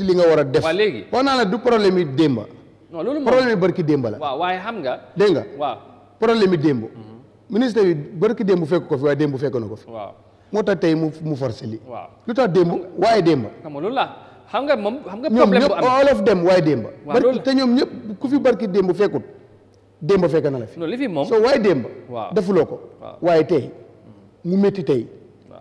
li a def. waaw léegi wax naa la du problème yi démba. problème yi barki démba la. waaw waaye xam nga. dégg nga waaw problème yi démb. Mhm. ministre bi ki démb fekk ko fi waaye démb fekk na ko fi. waaw moo tax tey mu mu forcé li. waaw lu tax démb waaye démba. xam nga moom xam nga problème bu am ñoom ñëpp olof dem waaye démba. barki te ñoom ñëpp ku fi barki démb fekkut démba fekk na la fi. non li fi moom soo waaye démba. waaw defuloo ko. waaye tey mu metti tey.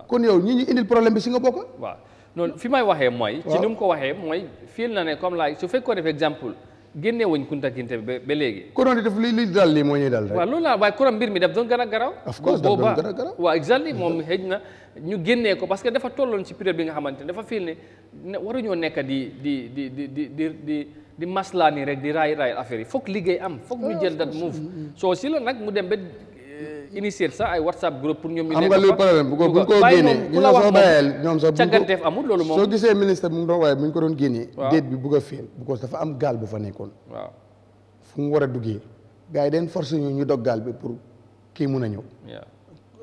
kon yow ñi ñu indil problème bi si nga bokk. waaw non fi may waxee mooy. ci ni mu ko waxee mooy fii na ne comme laay su fekkoo def exemple. génne wuñ kuntakinte ba ba léegi. courant def li li daal lii moo ñuy daal rek. waaw loolu laa waaye courant mbir mi daf doon gën a garaw. of course a garaw waaw exactly moom xëj na ñu génne ko parce que dafa tolloon ci période bi nga xamante ne dafa fiil ne waruñoo nekk di di di di di di di. di maslaa nii rek di raay raay affaire yi foog liggéey am foog ñu ah, jël dat move mm-hmm. soo si la nag mu dem ba initier sax ay whatsapp groupe pour ñoom ñu nekk xam nga li problème bu ko bu ñu ko génnee ñu ne soo waaye ko doon am gaal bu fa nekkoon waaw fu mu war a duggee gars yi den force ñu ñu dog gaal pour kii mun a ñëw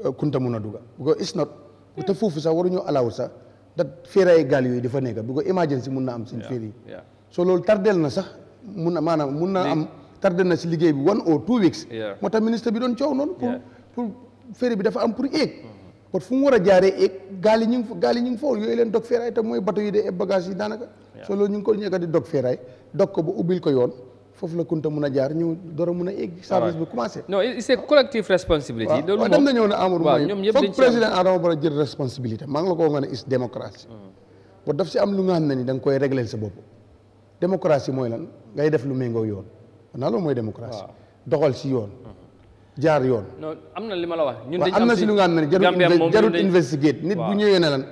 euh, kunta mun a dugga bu ko te foofu sax waruñoo alaaw sax dat féeraay gaal yooyu dafa nekk bu ko emergency mun na am seen féer yi soo loolu tardeel na sax mun na maanaam mun na am tardé na si liggéey bi one or two weeks moo tax ministre bi doon coow noonu pour pour ferry bi dafa am pour éeg kon fu mu war a jaaree éeg gaal yi ñu ngi gaal yi ñu ngi foofu yooyu leen dog ferraille te mooy bato yi de eb bagage yi daanaka soo loolu ñu ngi ko ñeeka di dog ferraille dog ko ba ubbil ko yoon foofu la kunta mun a jaar ñu door mun a egg service bi commencé non c'est collective responsibility na ñëw na Amadou mooy foog président Adama Barrow jël responsabilité maa ngi la ko nga is démocratie ba hmm. daf si am lu nga xam ne koy régler sa bopp démocratie mooy lan ngay def lu méngoo yoon naa loolu mooy démocratie doxal si yoon hmm. jaar yoon. non am na li ma la wax. ñun dañu am na si lu nga xam ne jarut jarut investigate nit bu ñëwee ne lan.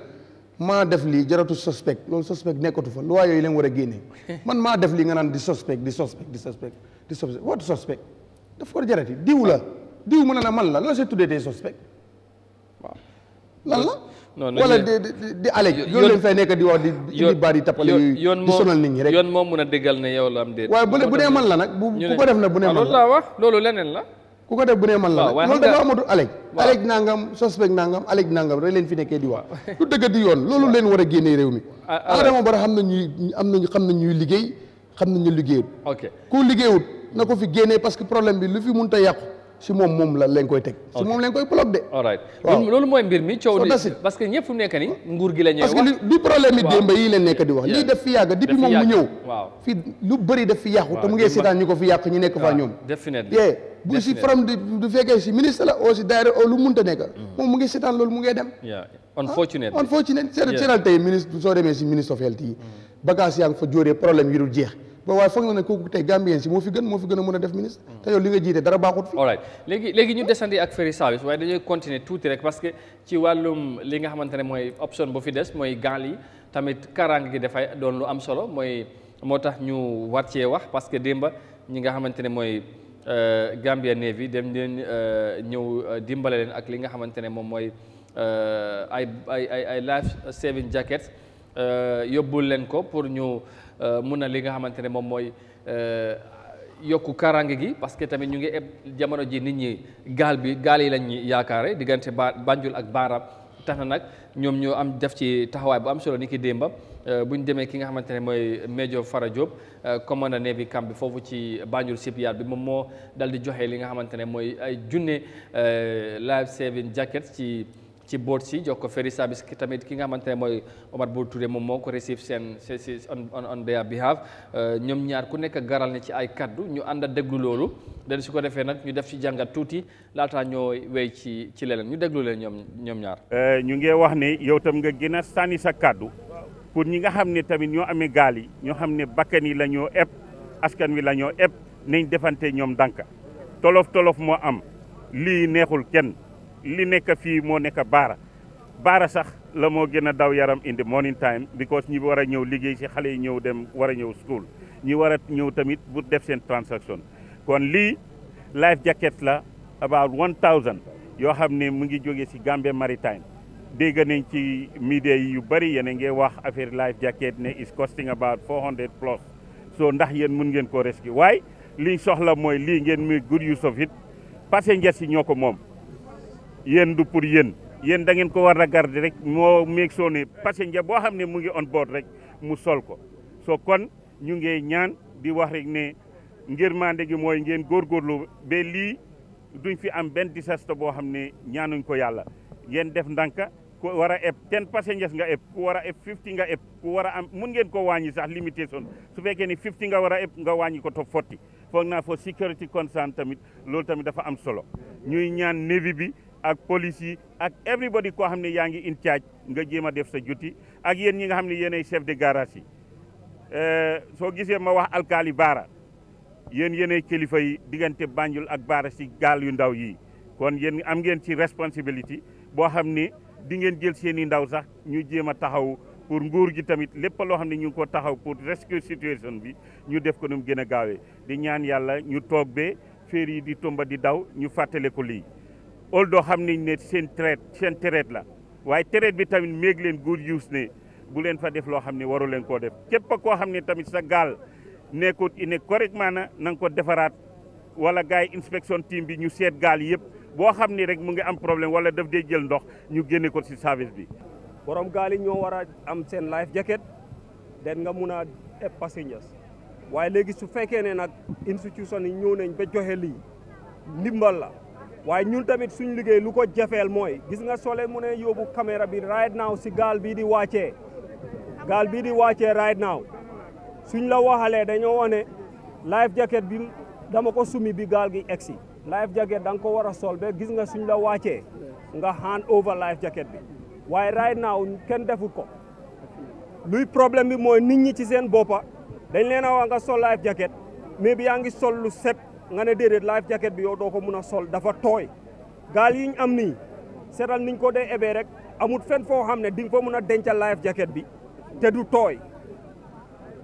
maa def lii jaratu suspect loolu suspect nekkatu fa loi yooyu leen war a génne man maa def lii nga naan di suspect di suspect di suspect di suspect what suspect daf ko jarati diw la diw mu ne la man la la see tuddee tey suspect waaw lan la wala di di alej loolu leen fay nekk di wax di di baat yi tappale yooyu di sonal nit ñi rek yoon moom mun a yow la am déet waaye bu bu dee man la nag bu ko def na bu ne man la wax loolu leneen la ku ko def bu ne man la loolu dafa amatul aleg aleg nangam suspect nangam aleg nangam rek leen fi nekkee di wax lu dëgg di yoon loolu leen war a génnee réew mi Adama Barrow xam na ñuy am xam na ñuy liggéey xam nañu liggéeyut ok ku liggéeyut na ko fi génnee parce que problème bi lu fi mun ta yàqu si mom mom la leen koy tek si mom leen koy bloqué de. all right loolu mooy mbir mi coow parce que ñepp fu nekk ni nguur gi la ñew parce que du problème yi démb yi leen nekk di wax. li def fi yag depuis mom mu ñew fi lu bari def fi yàqu. te mu ngi sétane ñuko fi yàq ñi nekk fa ñom definitely bu ci from du fekkee si ministre la aussi daire lu nta nekk. mom mm. mu ngi sétane lolu mu ngi dem. Ah, unfortunate unfortunate. seetal tay ministre so demee ci ministre of health yi. Mm. bagage yang fa jóoree problème yi du jeex ba waaye foog na ne kooku tey Gambien si moo fi gën moo fi gën a mën a def ministre mm. te yow li nga jiite dara baaxut fi alright léegi léegi ñu desandi ak ferry service waaye dañuy continuer tuuti rek parce que ci wàllum li nga xamante ne mooy option bu fi des mooy gaal yi tamit kaaraange gi dafay doon lu am solo mooy moo tax ñu war cee parce que démba ñi nga xamante ne mooy euh, Gambia Navy dem leen euh, ñëw euh, dimbale leen ak li nga xamante ne moom mooy ay ay ay life saving jacket yóbbul leen ko pour ñu Euh, mun na li nga xamante ne moom mooy euh, yokku kaaraange gi parce que tamit ñu ngi eb jamono ji nit ñi gaal bi gaal yi lañ yaakaare diggante ba Banjul ak Baarab tax na nag ñoom ñu am def ci taxawaay bu am solo ni ki démba euh, bu ñu demee ki nga xamante ne mooy Major Fara Diop commandant Navy camp bi foofu ci Banjul shipyard bi moom moo dal di joxe li nga xamante ne mooy ay junne life saving jacket ci ci board ci jox ko ferry service ki tamit ki nga xamantene moy Omar Bour Touré mom moko receive sen on, on, on their behalf euh, ñom ñaar ku nekk garal ne ci ay cadeau ñu anda deglu lolu dañ su ko defé nak ñu def ci jangat tuti ta ñoo wey ci ci leneen ñu deglu leen ñom ñom ñaar euh ñu ngi wax ni yow tam nga gëna sani sa cadeau pour ñi nga xamne tamit ñoo amé gal yi ñoo xamne bakkan yi askan wi la ep nañ defante ñom danka tolof tolof mo am li neexul kenn li nekk fii moo nekk baara baara sax la moo gën daw yaram in the morning time because ñi war a ñëw liggéey si xale yi ñëw dem war a school ñi war a ñëw tamit bu def seen transaction kon li life jacket la about one thousand yoo xam ne mu ngi jóge si gambie Maritime dégg nañ ci media yi yu bëri yéen a wax affaire life jacket ne is costing about four hundred plus so ndax yéen mun ngeen koo rescue waaye liñ soxla mooy lii ngeen muy good use of it passengers yi ñoo ko moom Yen du pour yen yen da ngeen ko war a garder rek moo meeg soo passenger boo xam mu ngi on board rek mu sol ko so kon ñu ngi ñaan di wax rek ne ngir mande gi mooy ngeen góorgóorlu ba lii duñ fi am benn disaster boo xam ne ñaanuñ ko yàlla yen def ndanka ku war a eb ten passengers nga eb ku war a eb fifty nga eb ku war am mun ngeen ko wàññi sax limitation su fekkee ni fifty nga war a eb nga wàññi ko top forty foog naa fo security concern tamit loolu tamit dafa am solo ñuy ñaan navy bi ak police ak everybody ko xam ne in charge nga jema def sa juti ak yeen ñi nga ne chef de garage euh so gisee ma wax alkali bara yeen yene kilifa yi digante Banjul ak bara ci gal yu ndaw yi kon yeen am ngeen ci responsibility bo xam ne di ngeen jël seen i ndaw sax ñu jema taxaw pour nguur gi tamit lepp lo ñu ko taxaw pour rescue situation bi ñu def ko num gëna gaawé di ñaan yalla ñu tok be féer di tomba di daw ñu fatale ko li although xam nañ ne seen traite seen traite la waaye traite bi tamit méeg leen good use ne bu leen fa def loo xam ne waru leen koo def képp koo xam ne tamit sa gaal nekkut ine correctement na na nga ko defaraat wala gars yi inspection team bi ñu seet gaal yëpp boo xam ni rek mu ngi am problème wala daf dee jël ndox ñu génne ko si service bi. borom gaal yi ñoo war a am seen life jacket den nga mun a eb passengers waaye léegi su fekkee ne nag institution yi ñëw nañ ba joxe lii ndimbal la. waaye ñun tamit suñu liggéey lu ko jafeel mooy gis nga sole mu ne yóbbu caméra bi right now si gaal bii di wàccee gaal bii di wàccee right now suñ la waxalee dañoo wone life jacket bi dama ko sumi bi gaal gi egsi life jacket da nga ko war a sol ba gis nga suñ la wàccee nga hand over life jacket bi waaye right now kenn defu ko luy problème bi mooy nit ñi ci seen boppa dañ leen a wax nga sol life jacket mais bi yaa ngi sol lu set nga ne déedéet life jacket bi yow doo ko mun a sol dafa tooy gaal yi ñu am nii seetal niñ ko dee ebee rek amut fen foo xam ne di nga fa mun a dencal life jacket bi te du tooy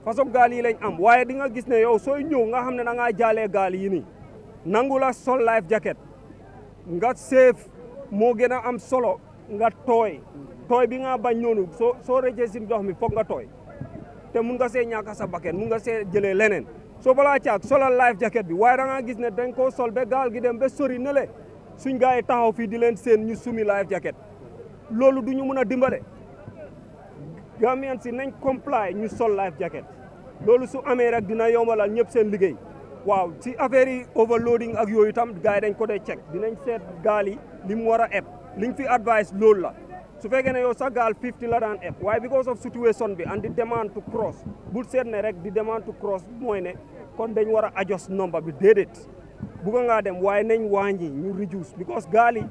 façon gaal yi lañ am waaye di nga gis ne yow sooy ñëw nga xam ne da ngaa jaalee gaal yi nii nangu la sol life jacket nga seef moo gën a am solo nga tooy tooy bi nga bañ noonu soo soo rëccee si mi foog nga tooy te mun nga see ñàkk sa bakken mun nga see jëlee leneen soo balaa caag solal life jacket bi waaye da ngaa gis ne dañ koo sol ba gaal gi dem ba sori na suñ gars yi taxaw fii di leen seen ñu sumi life jacket loolu du ñu mun a dimbale Gambian si nañ comply ñu sol life jacket loolu su amee rek dina yombalal ñëpp seen liggéey waaw ci affaire yi overloading ak yooyu tam gars yi dañ ko dee check dinañ seet gaal yi li mu war a eb liñ fi advice loolu la su fekkee ne yow sa gaal 50 la daan eb waaye because of situation bi and the demand to cross bul seet ne rek di demand to cross mooy ne kon dañ war a adjust nomba bi déedéet bugga ngaa dem waaye nañ wàññi ñu reduce because gaal yi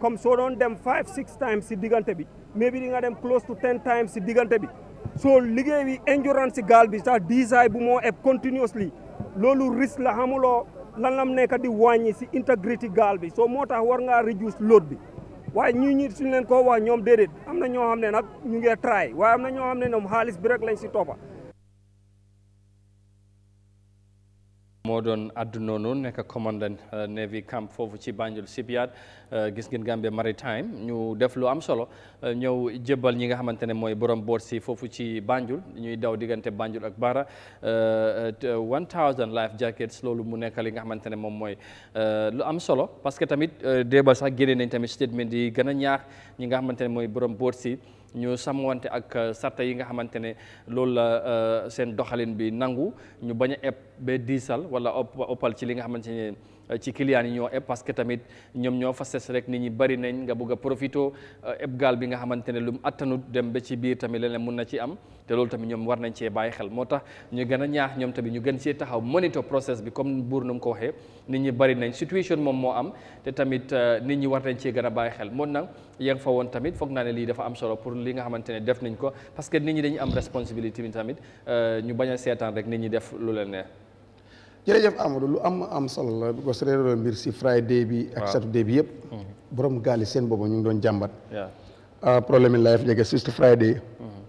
comme soo doon dem 5 6 times si diggante bi mais bi di nga dem close to 10 times si diggante bi soo liggéey bi endurance si gaal bi sax diisaay bu moo eb continuously loolu risque la xamuloo lan lam nekk di wàññi si intégrité gaal bi soo moo tax war ngaa reduce load bi waaye ñii ñi suñ leen ko wax ñoom déedéet am na ñoo xam ne nag ñu ngee try waaye am na ñoo xam ne ñoom xaalis bi rek lañ si toppa modon adunonun, non nek commandant eh, navy camp fofu ci banjul sipiat eh, gis ngeen Gambia maritime ñu def lu am solo eh, ñew jébbal ñi nga xamantene moy borom bor ci fofu ci banjul ñuy daw digante banjul ak bara 1000 life jackets lolu mu nek li nga xamantene mom moy lu am solo parce que tamit deba sax gene nañ tamit statement di gëna ñaax ñi nga xamantene moy borom bor ci ñu samwante ak sarta yi nga xamantene lolu la seen doxalin bi nangu ñu baña be diesel wala opal ci li nga xamanteni eh, ci client ñoo eb parce que tamit ñom ñoo fa sess rek nit ñi bari nañ nga bëgg profito eh, eb gal bi nga xamanteni lu attanu dem be ci biir tamit leneen mëna ci am té loolu tamit ñom war nañ ci baye xel motax ñu gëna ñaax ñom tamit ñu gën ci taxaw monitor process bi comme bour nu ko waxe nit ñi bari nañ situation mom mo am té tamit eh, nit ñi war nañ ci gëna baye xel mon nak yang fa won tamit fokk naa ne dafa am solo pour li nga xamanteni def nañ ko parce que nit ñi dañu am responsibility tamit ñu baña sétan rek nit ñi def lu leen jërëjëf Amadou lu am am solo la mbir si Friday bi ak Saturday bi yëpp mhm. borom gaal yi seen boobu ñu ngi doon jàmbat ah, problème yi life jege juste Friday mhm.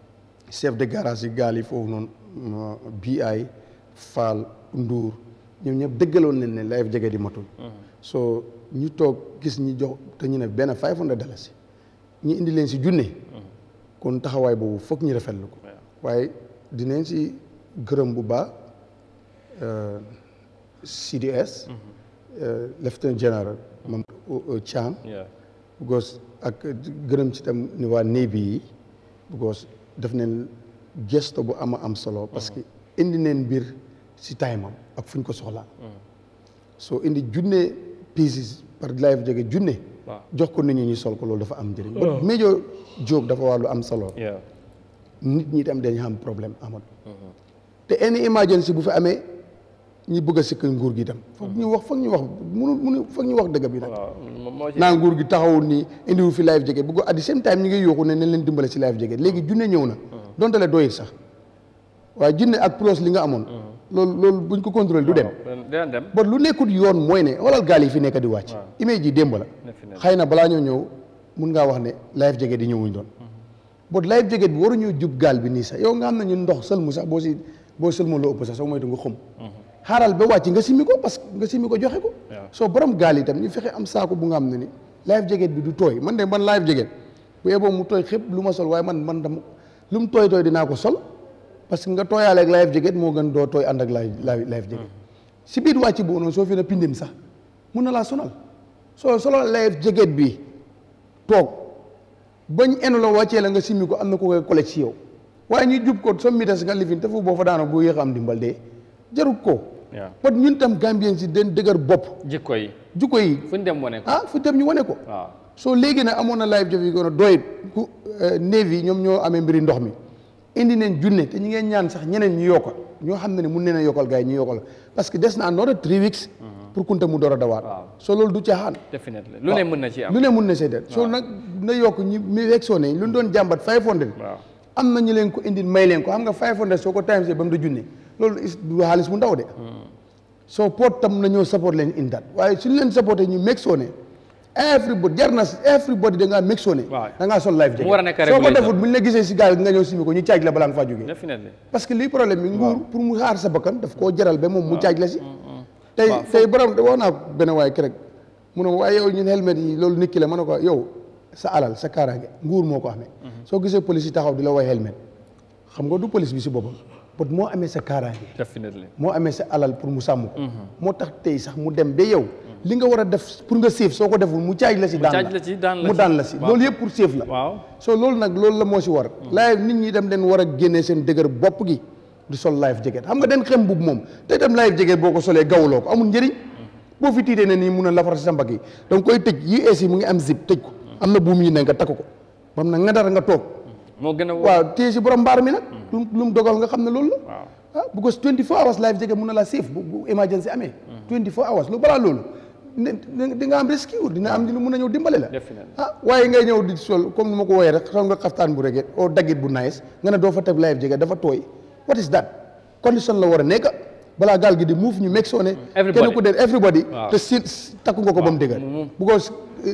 chef de garage yi gaal yi foofu noonu bi ay Fall Ndour ñoom ñëpp dëggaloon nañ ni life jege di matul mhm. so ñu toog gis ñi jox te ñu ne benn five hundred dalasi ñu indi leen si junne kon taxawaay boobu foog ñu rafetlu ko waaye dinañ si gërëm bu baax euh, CDS. Mhm. Euh, Lieutenant General. moom Thiam. because ak gërëm ci tam ni waa Navy yi. because def neen gesto bu ama am solo. Mhm. parce que indi neen mbir si time am ak fu ñu ko soxlaa. Mhm. soo indi junne pieces par live jege junne. jox ko nit ñi ñu sol ko loolu dafa am njëriñ. ba méjoo jóg dafa wàllu am solo. nit ñi tam dañu xam problème amat te any emergency bu fi amee. ñi bëgg ci kën nguur gi dem foog ñu wax foog ñu wax munu munu foog ñu wax dëgg bi nak na nguur gi ni wu fi live jege bëgg at the same time ñi ngi yoxu ne nañ leen dimbalé si live jege légui junne ñëw na donte doy doyit sax waaye junne ak plus li nga amone lool lool buñ ko contrôler du dem ba lu nekkut yoon moy ne walal gal yi fi nekk di wacc image yi démb la xëy na balaa ñëw mun nga wax né live di ñëwuñ doon mm-hmm. But live jacket bi ñu jup gal bi ni sax yow nga am na ñu ndox musa sax boo si bo sëlmu loo ëpp sax soo moytu nga xum mm-hmm. xaaral ba wàcc nga simmi ko parce que nga simmi ko joxe ko. soo borom gaal itam ñu fexe am saako bu nga xam ne ni life jacket bi du tooy man de man life jacket bu yeboo mu tooy xëpp lu ma sol waaye man man dama lu mu tooy tooy dinaa ko sol parce que nga tooyaale ak life jacket moo gën doo tooy ànd ak life life jacket. Mm. si biir wàcc boobu noonu soo fi ne pindim sax mun na laa sonal soo solo life jacket bi toog bañ enu la wàccee la nga simmi ko am na ko koy collège si yow waaye ñu jub ko soo mitas nga lifin te fu boo fa daanoo bu yéex am dimbal de jarut ko. kon ñun tam Gambien si den dëgër bopp. jikko yi jikko yi. fu ñu dem wane ko ah fu wane ko. waaw soo léegi nag amoon na live jafe yu gën a doy ku eh, néew yi ñoom ñoo amee mbiri ndox mi indi neen junne te ñu ngeen ñaan sax ñeneen ñu yokk ñoo xam ne ne mun neen a yokkal gars yi ñu des na another three weeks. Mm-hmm. pour kunta mu a dawaat. soo loolu du caaxaan. definitely lu ne mun na ci mun na see de. soo nag na yokk ñi mi wegsoo ne lu ñu doon jàmbat five hundred am na ñu leen ko indil may leen ko xam nga five hundred soo ko times ba mu du junne loolu du xaalis mu ndaw de. support tam nañoo support leen in that waaye suñu leen supporté ñu make sure ne everybody jar na everybody da ngaa make sure ne. sol life jacket war a nekk soo ko defut buñ la gisee si gaal gi nga ñëw simi ko ñu caaj la balaa nga faa jógee. parce que lii problème bi nguur pour mu xaar sa bakkan daf koo jaral ba moom mu caaj la si. Mm, mm. tey tey borom wax naa benn waay kerek mu ne waaye yow ñun helmet yi loolu nit la ma ne ko yow alal sa kaaraange nguur moo ko amee. Mm-hmm. soo gisee police yi taxaw di la way helmet xam nga du police bi si boppam. bët moo amee sa kaaraange moo amee sa alal pour mu sàmm ko mm-hmm. moo tax tey sax mu dem ba yow mm-hmm. li nga war a def pour nga séef soo ko deful mu caaj la si daan la mu daan la si loolu yëpp pour séef la soo loolu nag loolu la moo si war mm-hmm. live nit ñi dem den war a génnee seen dëgër bopp gi du sol live jacket xam nga den xem bub moom te itam live jacket boo ko solee gawloo ko amul njëriñ boo fi tiitee ne nii mun a lafar si sa mbagg yi donc koy tëj yi ees mu ngi am zip tëj ko am na buum yi ne nga takk ko bam na dara nga toog moo gën a waaw téye si borom mbaar mi nag. Hmm. lu mu dogal nga xam ne loolu la. waaw ah, bu ko 24 hours live jege mun na laa safe bu emergency amee. 24 hmm. hours lu balaa loolu. di am risque dina am lu mun a ñëw dimbale la. Ah, waaye ngay ñëw di sol comme ni ma ko wooyee rek xam nga xaftaan bu reget oo oh, daggit bu nice nga ne doo fa teg live jege dafa tooy what is that condition la war a nekk balaa gaal gi di move ñu meq soo hmm, kenn ku dee everybody. te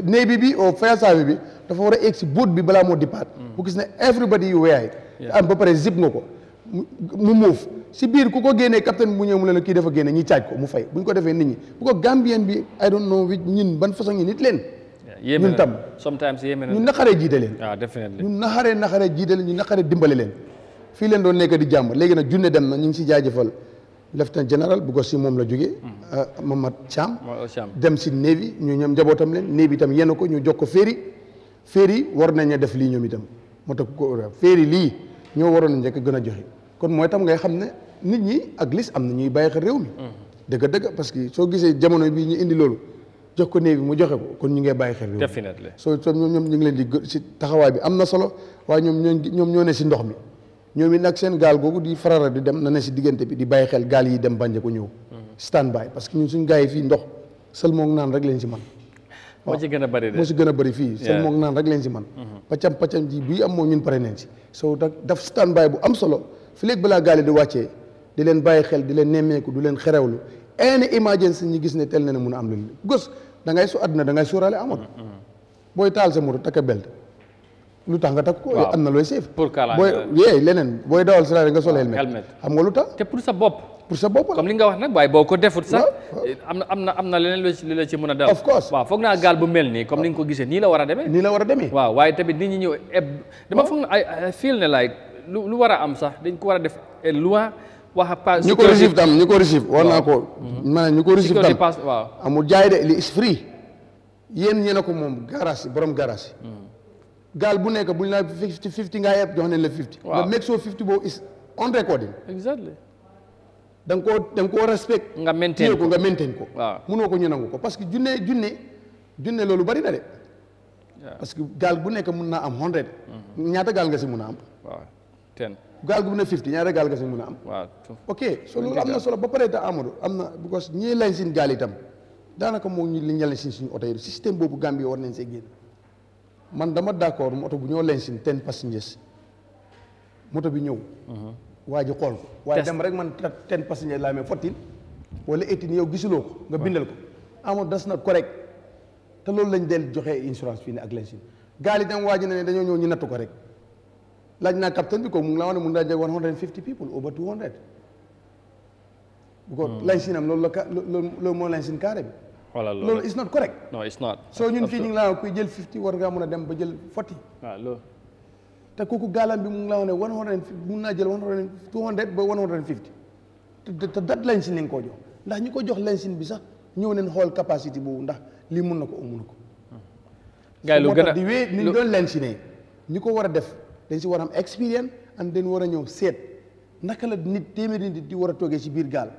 navy bi au fiança bi dafa war a egg si boot bi balaa moo départ bu mm. gis ne everybody yu weyaay am ba pare zip nga ko mu muuf si biir ku ko génnee capitaine mu ñëw mu leen kii dafa génne ñi caaj ko mu fay bu ñu ko defee nit ñi bu ko gambien bi I don't know which ñin ban façon ñi nit leen ñun tam sometimes yéeme na ñu naxaree ah, jiite leen ñu naxaree naxaree jiite leen ñu naxaree dimbale leen fii leen doon nekk di jàmb léegi nag junne dem na ñu ngi si jaajëfal lieutenant general bu ko si mom la jógee. Mamad hmm. ah, Cham, dem si Navy ñu ñam jabotam leen Navy Tam, yenn ko ñu jox ko Ferry ferry war nañ def li ñom itam moo tax ko ferry li ño waron a njëkk joxe kon moy tam ngay xamne ne nit ñi ak lis am nañuy baye xal xel mi. Hmm. dëgg dëgg parce que so gisé jamono bi ñu indi lolu jox ko Navy mu joxe ko kon ñu ngay baye xal réew So ñom soo ñu ngi leen di ci taxaway bi am solo wa ñom ñom ñoom ñoo ne ndox mi ñoomi nak seen gal gogu di farara di dem na ne si bi di bàyyi xel gal yi dem bañja ko ñew mhm. stand by parce que ñun suñu gaay fi fii ndox sël moom naan rek leen ci man mo ci gëna bari de mo ci gëna bari fi seul sël naan rek leen ci man mhm. pacam pacam ji bii am mo ñun paré nañ ci so daf stand by bu am solo fi léegi balaa yi di wacce di leen bàyyi xel di leen néméku di leen xerewlu Any emergency ñi gis ne tel na mëna am lu gos da ngay su aduna da ngay suuraale amul mhm. boy tal sa moto takabel lu tax nga takk ko am safe. looy siif pour kaalaay booy euh, yeah lenen boy dawal sala nga sol helmet xam nga lu te pour sa bop pour sa bop comme li nga wax nak way boko sax amna amna amna lenen loy ci lila ci meuna of course waaw foog bu melni comme ni nga ko gisee nii la wara demé ni la wara demé wa way tamit nit ñi ñew dama oh. ay feel ne like lu lu wara am sax dañ ko wara def et eh, loi pas receive tam ñu ko receive war ko mhm. man ñu ko receive tam amul jaay de li is free yen ñee na ko moom garage borom garage mhm. gaal bu nekk bu ñu naan fifty fifty ngaa jox nañ la fifty. waaw nga make sure fifty boobu is on recording. exactly. da nga koo da nga koo ko nga maintain ko. waaw munoo ko ñu nangu ko parce que junne junne junne loolu bari na de. parce que gaal bu nekk mun naa am hundred. Mm-hmm. ñaata gaal nga si mun a am. waaw ten. gaal gu ne fifty ñaata gaal nga si mun a am. waaw ok so loolu am solo ba pare te Amadou am na because ñii lañ seen gaal itam daanaka moo ñu li ñu lañ si suñu oto yi système boobu Gambie war nañ see génn. man dama d'accord moto bu ñoo lensin ten passengers moto bi ñew 10 mhm. ji xool ko waaye dem rek man ten passengers la mais fotil wala etine yow gisulo ko nga bindal ko das na correct te loolu lañ del joxe insurance fii ne ak lensin gali dem waji ji ne dañu dañoo ñi ñu nattu ko rek laj na captain bi ko mu la wone mu ndaje 150 people over 200 bu ko hmm. lensin am loolu lo lo mo lensin carré voilà loolu loolu is not correct. non it's not. soo ñun fii ñu ngi laa kuy jël 50 war ngaa mën a dem ba jël 40. waaw te kooku gaalam bi mu ngi laa wane one hundred and mun naa jël one hundred and two hundred ba one te te dat lensin lañ koo jox ndax ñu ko jox lensin bi sax ñëw neen xool capacité boobu ndax lii mun na ko o mun ko. Hmm. gars yi lu gën a di wéy ni ñu doon lensinee ñi ko war a def dañ si war a am expérience and dañ war a ñëw seet naka la nit téeméeri nit di war a toogee si biir gaal.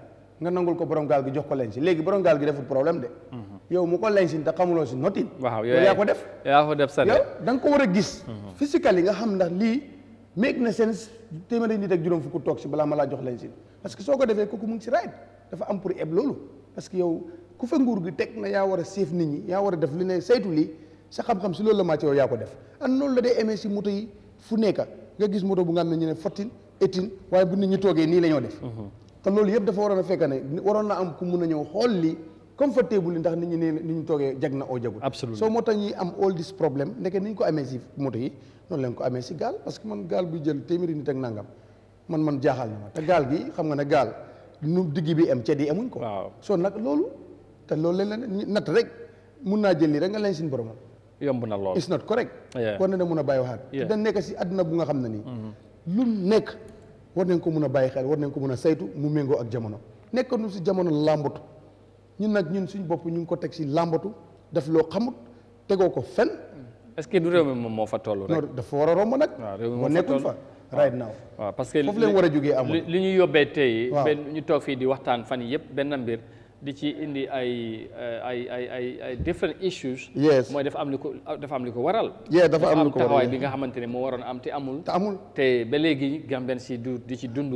nga nangul ko borom gal gi jox ko lensin léegi borom gal gi deful problème de mhm. yow mu ko lensin ta xamulo ci notin waaw yow ya ko def ya ko def sale dang ko wara gis mhm. physically nga xam ndax li make na sense téeméeri nit ak juróom fukk tok ci bala ma laa jox lensin parce que soo ko defee mu ci raid dafa am pour eb lolu parce que yow ku fa nguur gi tek na ya wara a nit ñi ya wara def li ne saytu li sa xam-xam ci lolu la ma ci yow ya ko def an non la day aimé ci moto yi fu neka nga gis moto bu nga am ne ñu ne fourteen eighteen waaye bu nit ñi toge ni lañu def mhm té loolu yépp dafa waroon a fekk ne waroon na am ku mun a ñëw xool li comfortable ndax nit ñi ne ni ñu toogee jag na oo jagul absolument soo moo tax ñuy am all this problème ndeke ni ñu ko amee si moto yi noonu lañ ko amee si gaal parce que man gaal buy jël téeméeri nit ak nangam man man jaaxal na ma te gaal gi xam nga ne gaal nu digg bi am ceeb yi amuñ ko so nag loolu te loolu lañ leen natt rek mun naa jël lii rek nga lañ seen boromam yomb na lool it's not correct yeah. na ne mun a bàyyi waxaat dañ nekk si àdduna bu nga xam ne nii mm-hmm. lu nekk war nañ ko mun a bàyyi xel war nañ ko mun a saytu mu méngoo ak jamono nekkanu si jamono làmbatu ñun nag ñun suñu bopp ñu ngi ko teg si làmbatu def loo xamut tegoo ko fen est-ce que du réew mi moom moo fa toll rek dafa war a romb nag ba nekkul waaw parce que foofu leen war a jógee amul li ñu yóbbee tey benn ñu toog fii di waxtaan fan yëpp benn mbir di ci indi ay eh, ay ay ay ay different issues. yes mooy dafa am li ko dafa am li ko waral. yeah dafa am li ko waral taxawaay bi nga xamante ne moo waroon am te amul. te amul te ba léegi Gamben si du di ci dund.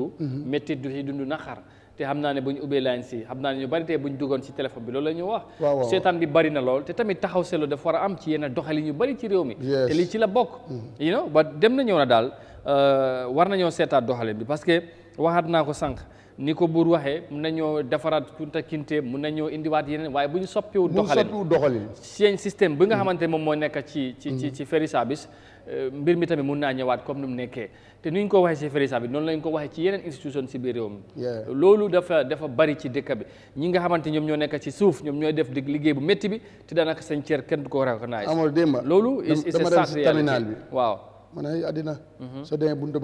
métti mhm. du ci na xar te xam naa ne bu ñu ubbee line si xam naa ne ñu bari te bu ñu duggoon si téléphone bi loolu la ñu wax. waaw seetaan bi bari na lool te tamit taxaw selo dafa war a am ci yenn doxali ñu bari ci réew mi. te lii ci la bokk. Mhm. you know ba dem na ñëw na daal euh, war nañoo seetaat doxalin bi parce que waxaat naa ko sànq. ni ko buur waxee mun nañoo defaraat kunta kinte mun nañoo indiwaat yeneen waaye bu ñu soppiwu doxalin seen système bi nga mm-hmm. xamante moom moo nekk ci ci ci mm-hmm. ferry service euh, mbir mi tamit mun naa ñëwaat comme ni mu nekkee te ni ñu ko waxee ci ferry service noonu lañ ko waxee ci yeneen institution si biir réew mi loolu dafa dafa bari ci dëkk bi ñi nga xamante ñoom ñoo nekk ci suuf ñoom ñooy def liggéey bu métti bi te daanaka seen cër kenn du ko recognize amul démb loolu dama bi waaw man ay àddina mm-hmm. soo demee buntu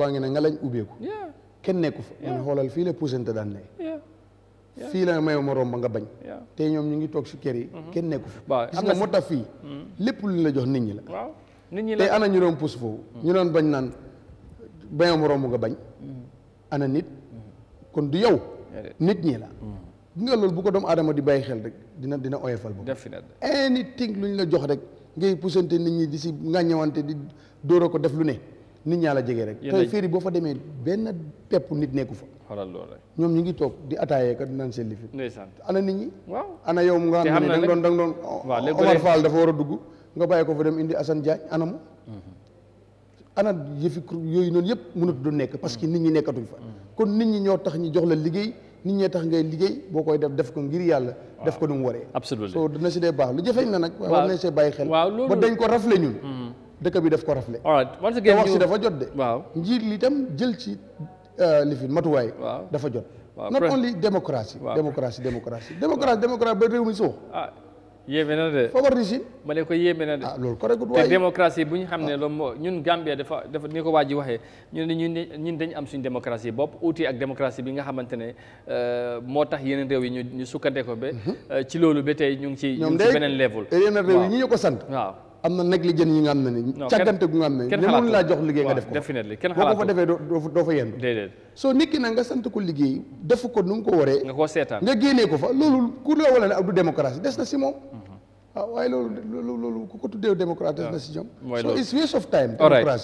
ken nekku fa mu ne xoolal fii la puusante daan ne fii la may mo romba nga bañ te ñom ñu ngi tok ci kër yi mm-hmm. ken nekku fa gis nga moo tax mm-hmm. lepp lu la jox nit ñi la nit ñi la te ana ñu rom mm-hmm. puus ñu non bañ nan bañ ma nga bañ ana nit kon du yow nit ñi la nga lol bu ko dom adama di bay xel rek dina dina oyofal boobu anything lu ñu la jox rek ngay pousenté nit ñi di ci ngañewante di doro ko def lu ne nit ñaa la jege rek tey féeri boo fa demee benn pepp nit nekku fa ñoom ñu ngi toog di attaayee kat naan seen lifi ndeysaan ana nit ñi waaw ana yow mu nga xam ne da doon da nga doon Omar Fall dafa war a dugg nga bàyyi ko fa dem indi Assane Diagne ana mu mhm. ana yëfi yooyu noonu yëpp mënatu doon nekk parce que nit ñi nekkatuñ fa mhm. kon nit ñi ñoo tax ñi jox la liggéey nit ñee tax ngay liggéey boo koy def def ko ngir yàlla def ko nu mu waree absolument so dina si dee baax lu jafeñ na nag waaw war nañ see bàyyi xel ba dañ ko rafle ñun mhm. dëkk bi daf ko right once again wax dafa jot de waaw njiit li tam jël ci euh, li fi way dafa jot not only democracy democracy democracy democracy democracy ba réew mi suux ah, de ko ko ah, démocratie ah. ñun Gambia dafa dafa ñun ñun dañ am démocratie ak level yeneen yi am na négligence yi nga xam ne ni càggante gu nga xam ne ni mënu laa jox liggéey nga def ko boo ko fa defee doo fa yendu soo nit ki nag nga sant ko liggéey def ko nu nga ko waree nga koo seetaan nga génnee ko fa loolu ku la wala ne ab du démocratie des na si moom waaw mhm. ah, waaye loolu loolu ku ko tuddee démocratie des na si ñoom so it's waste of time démocratie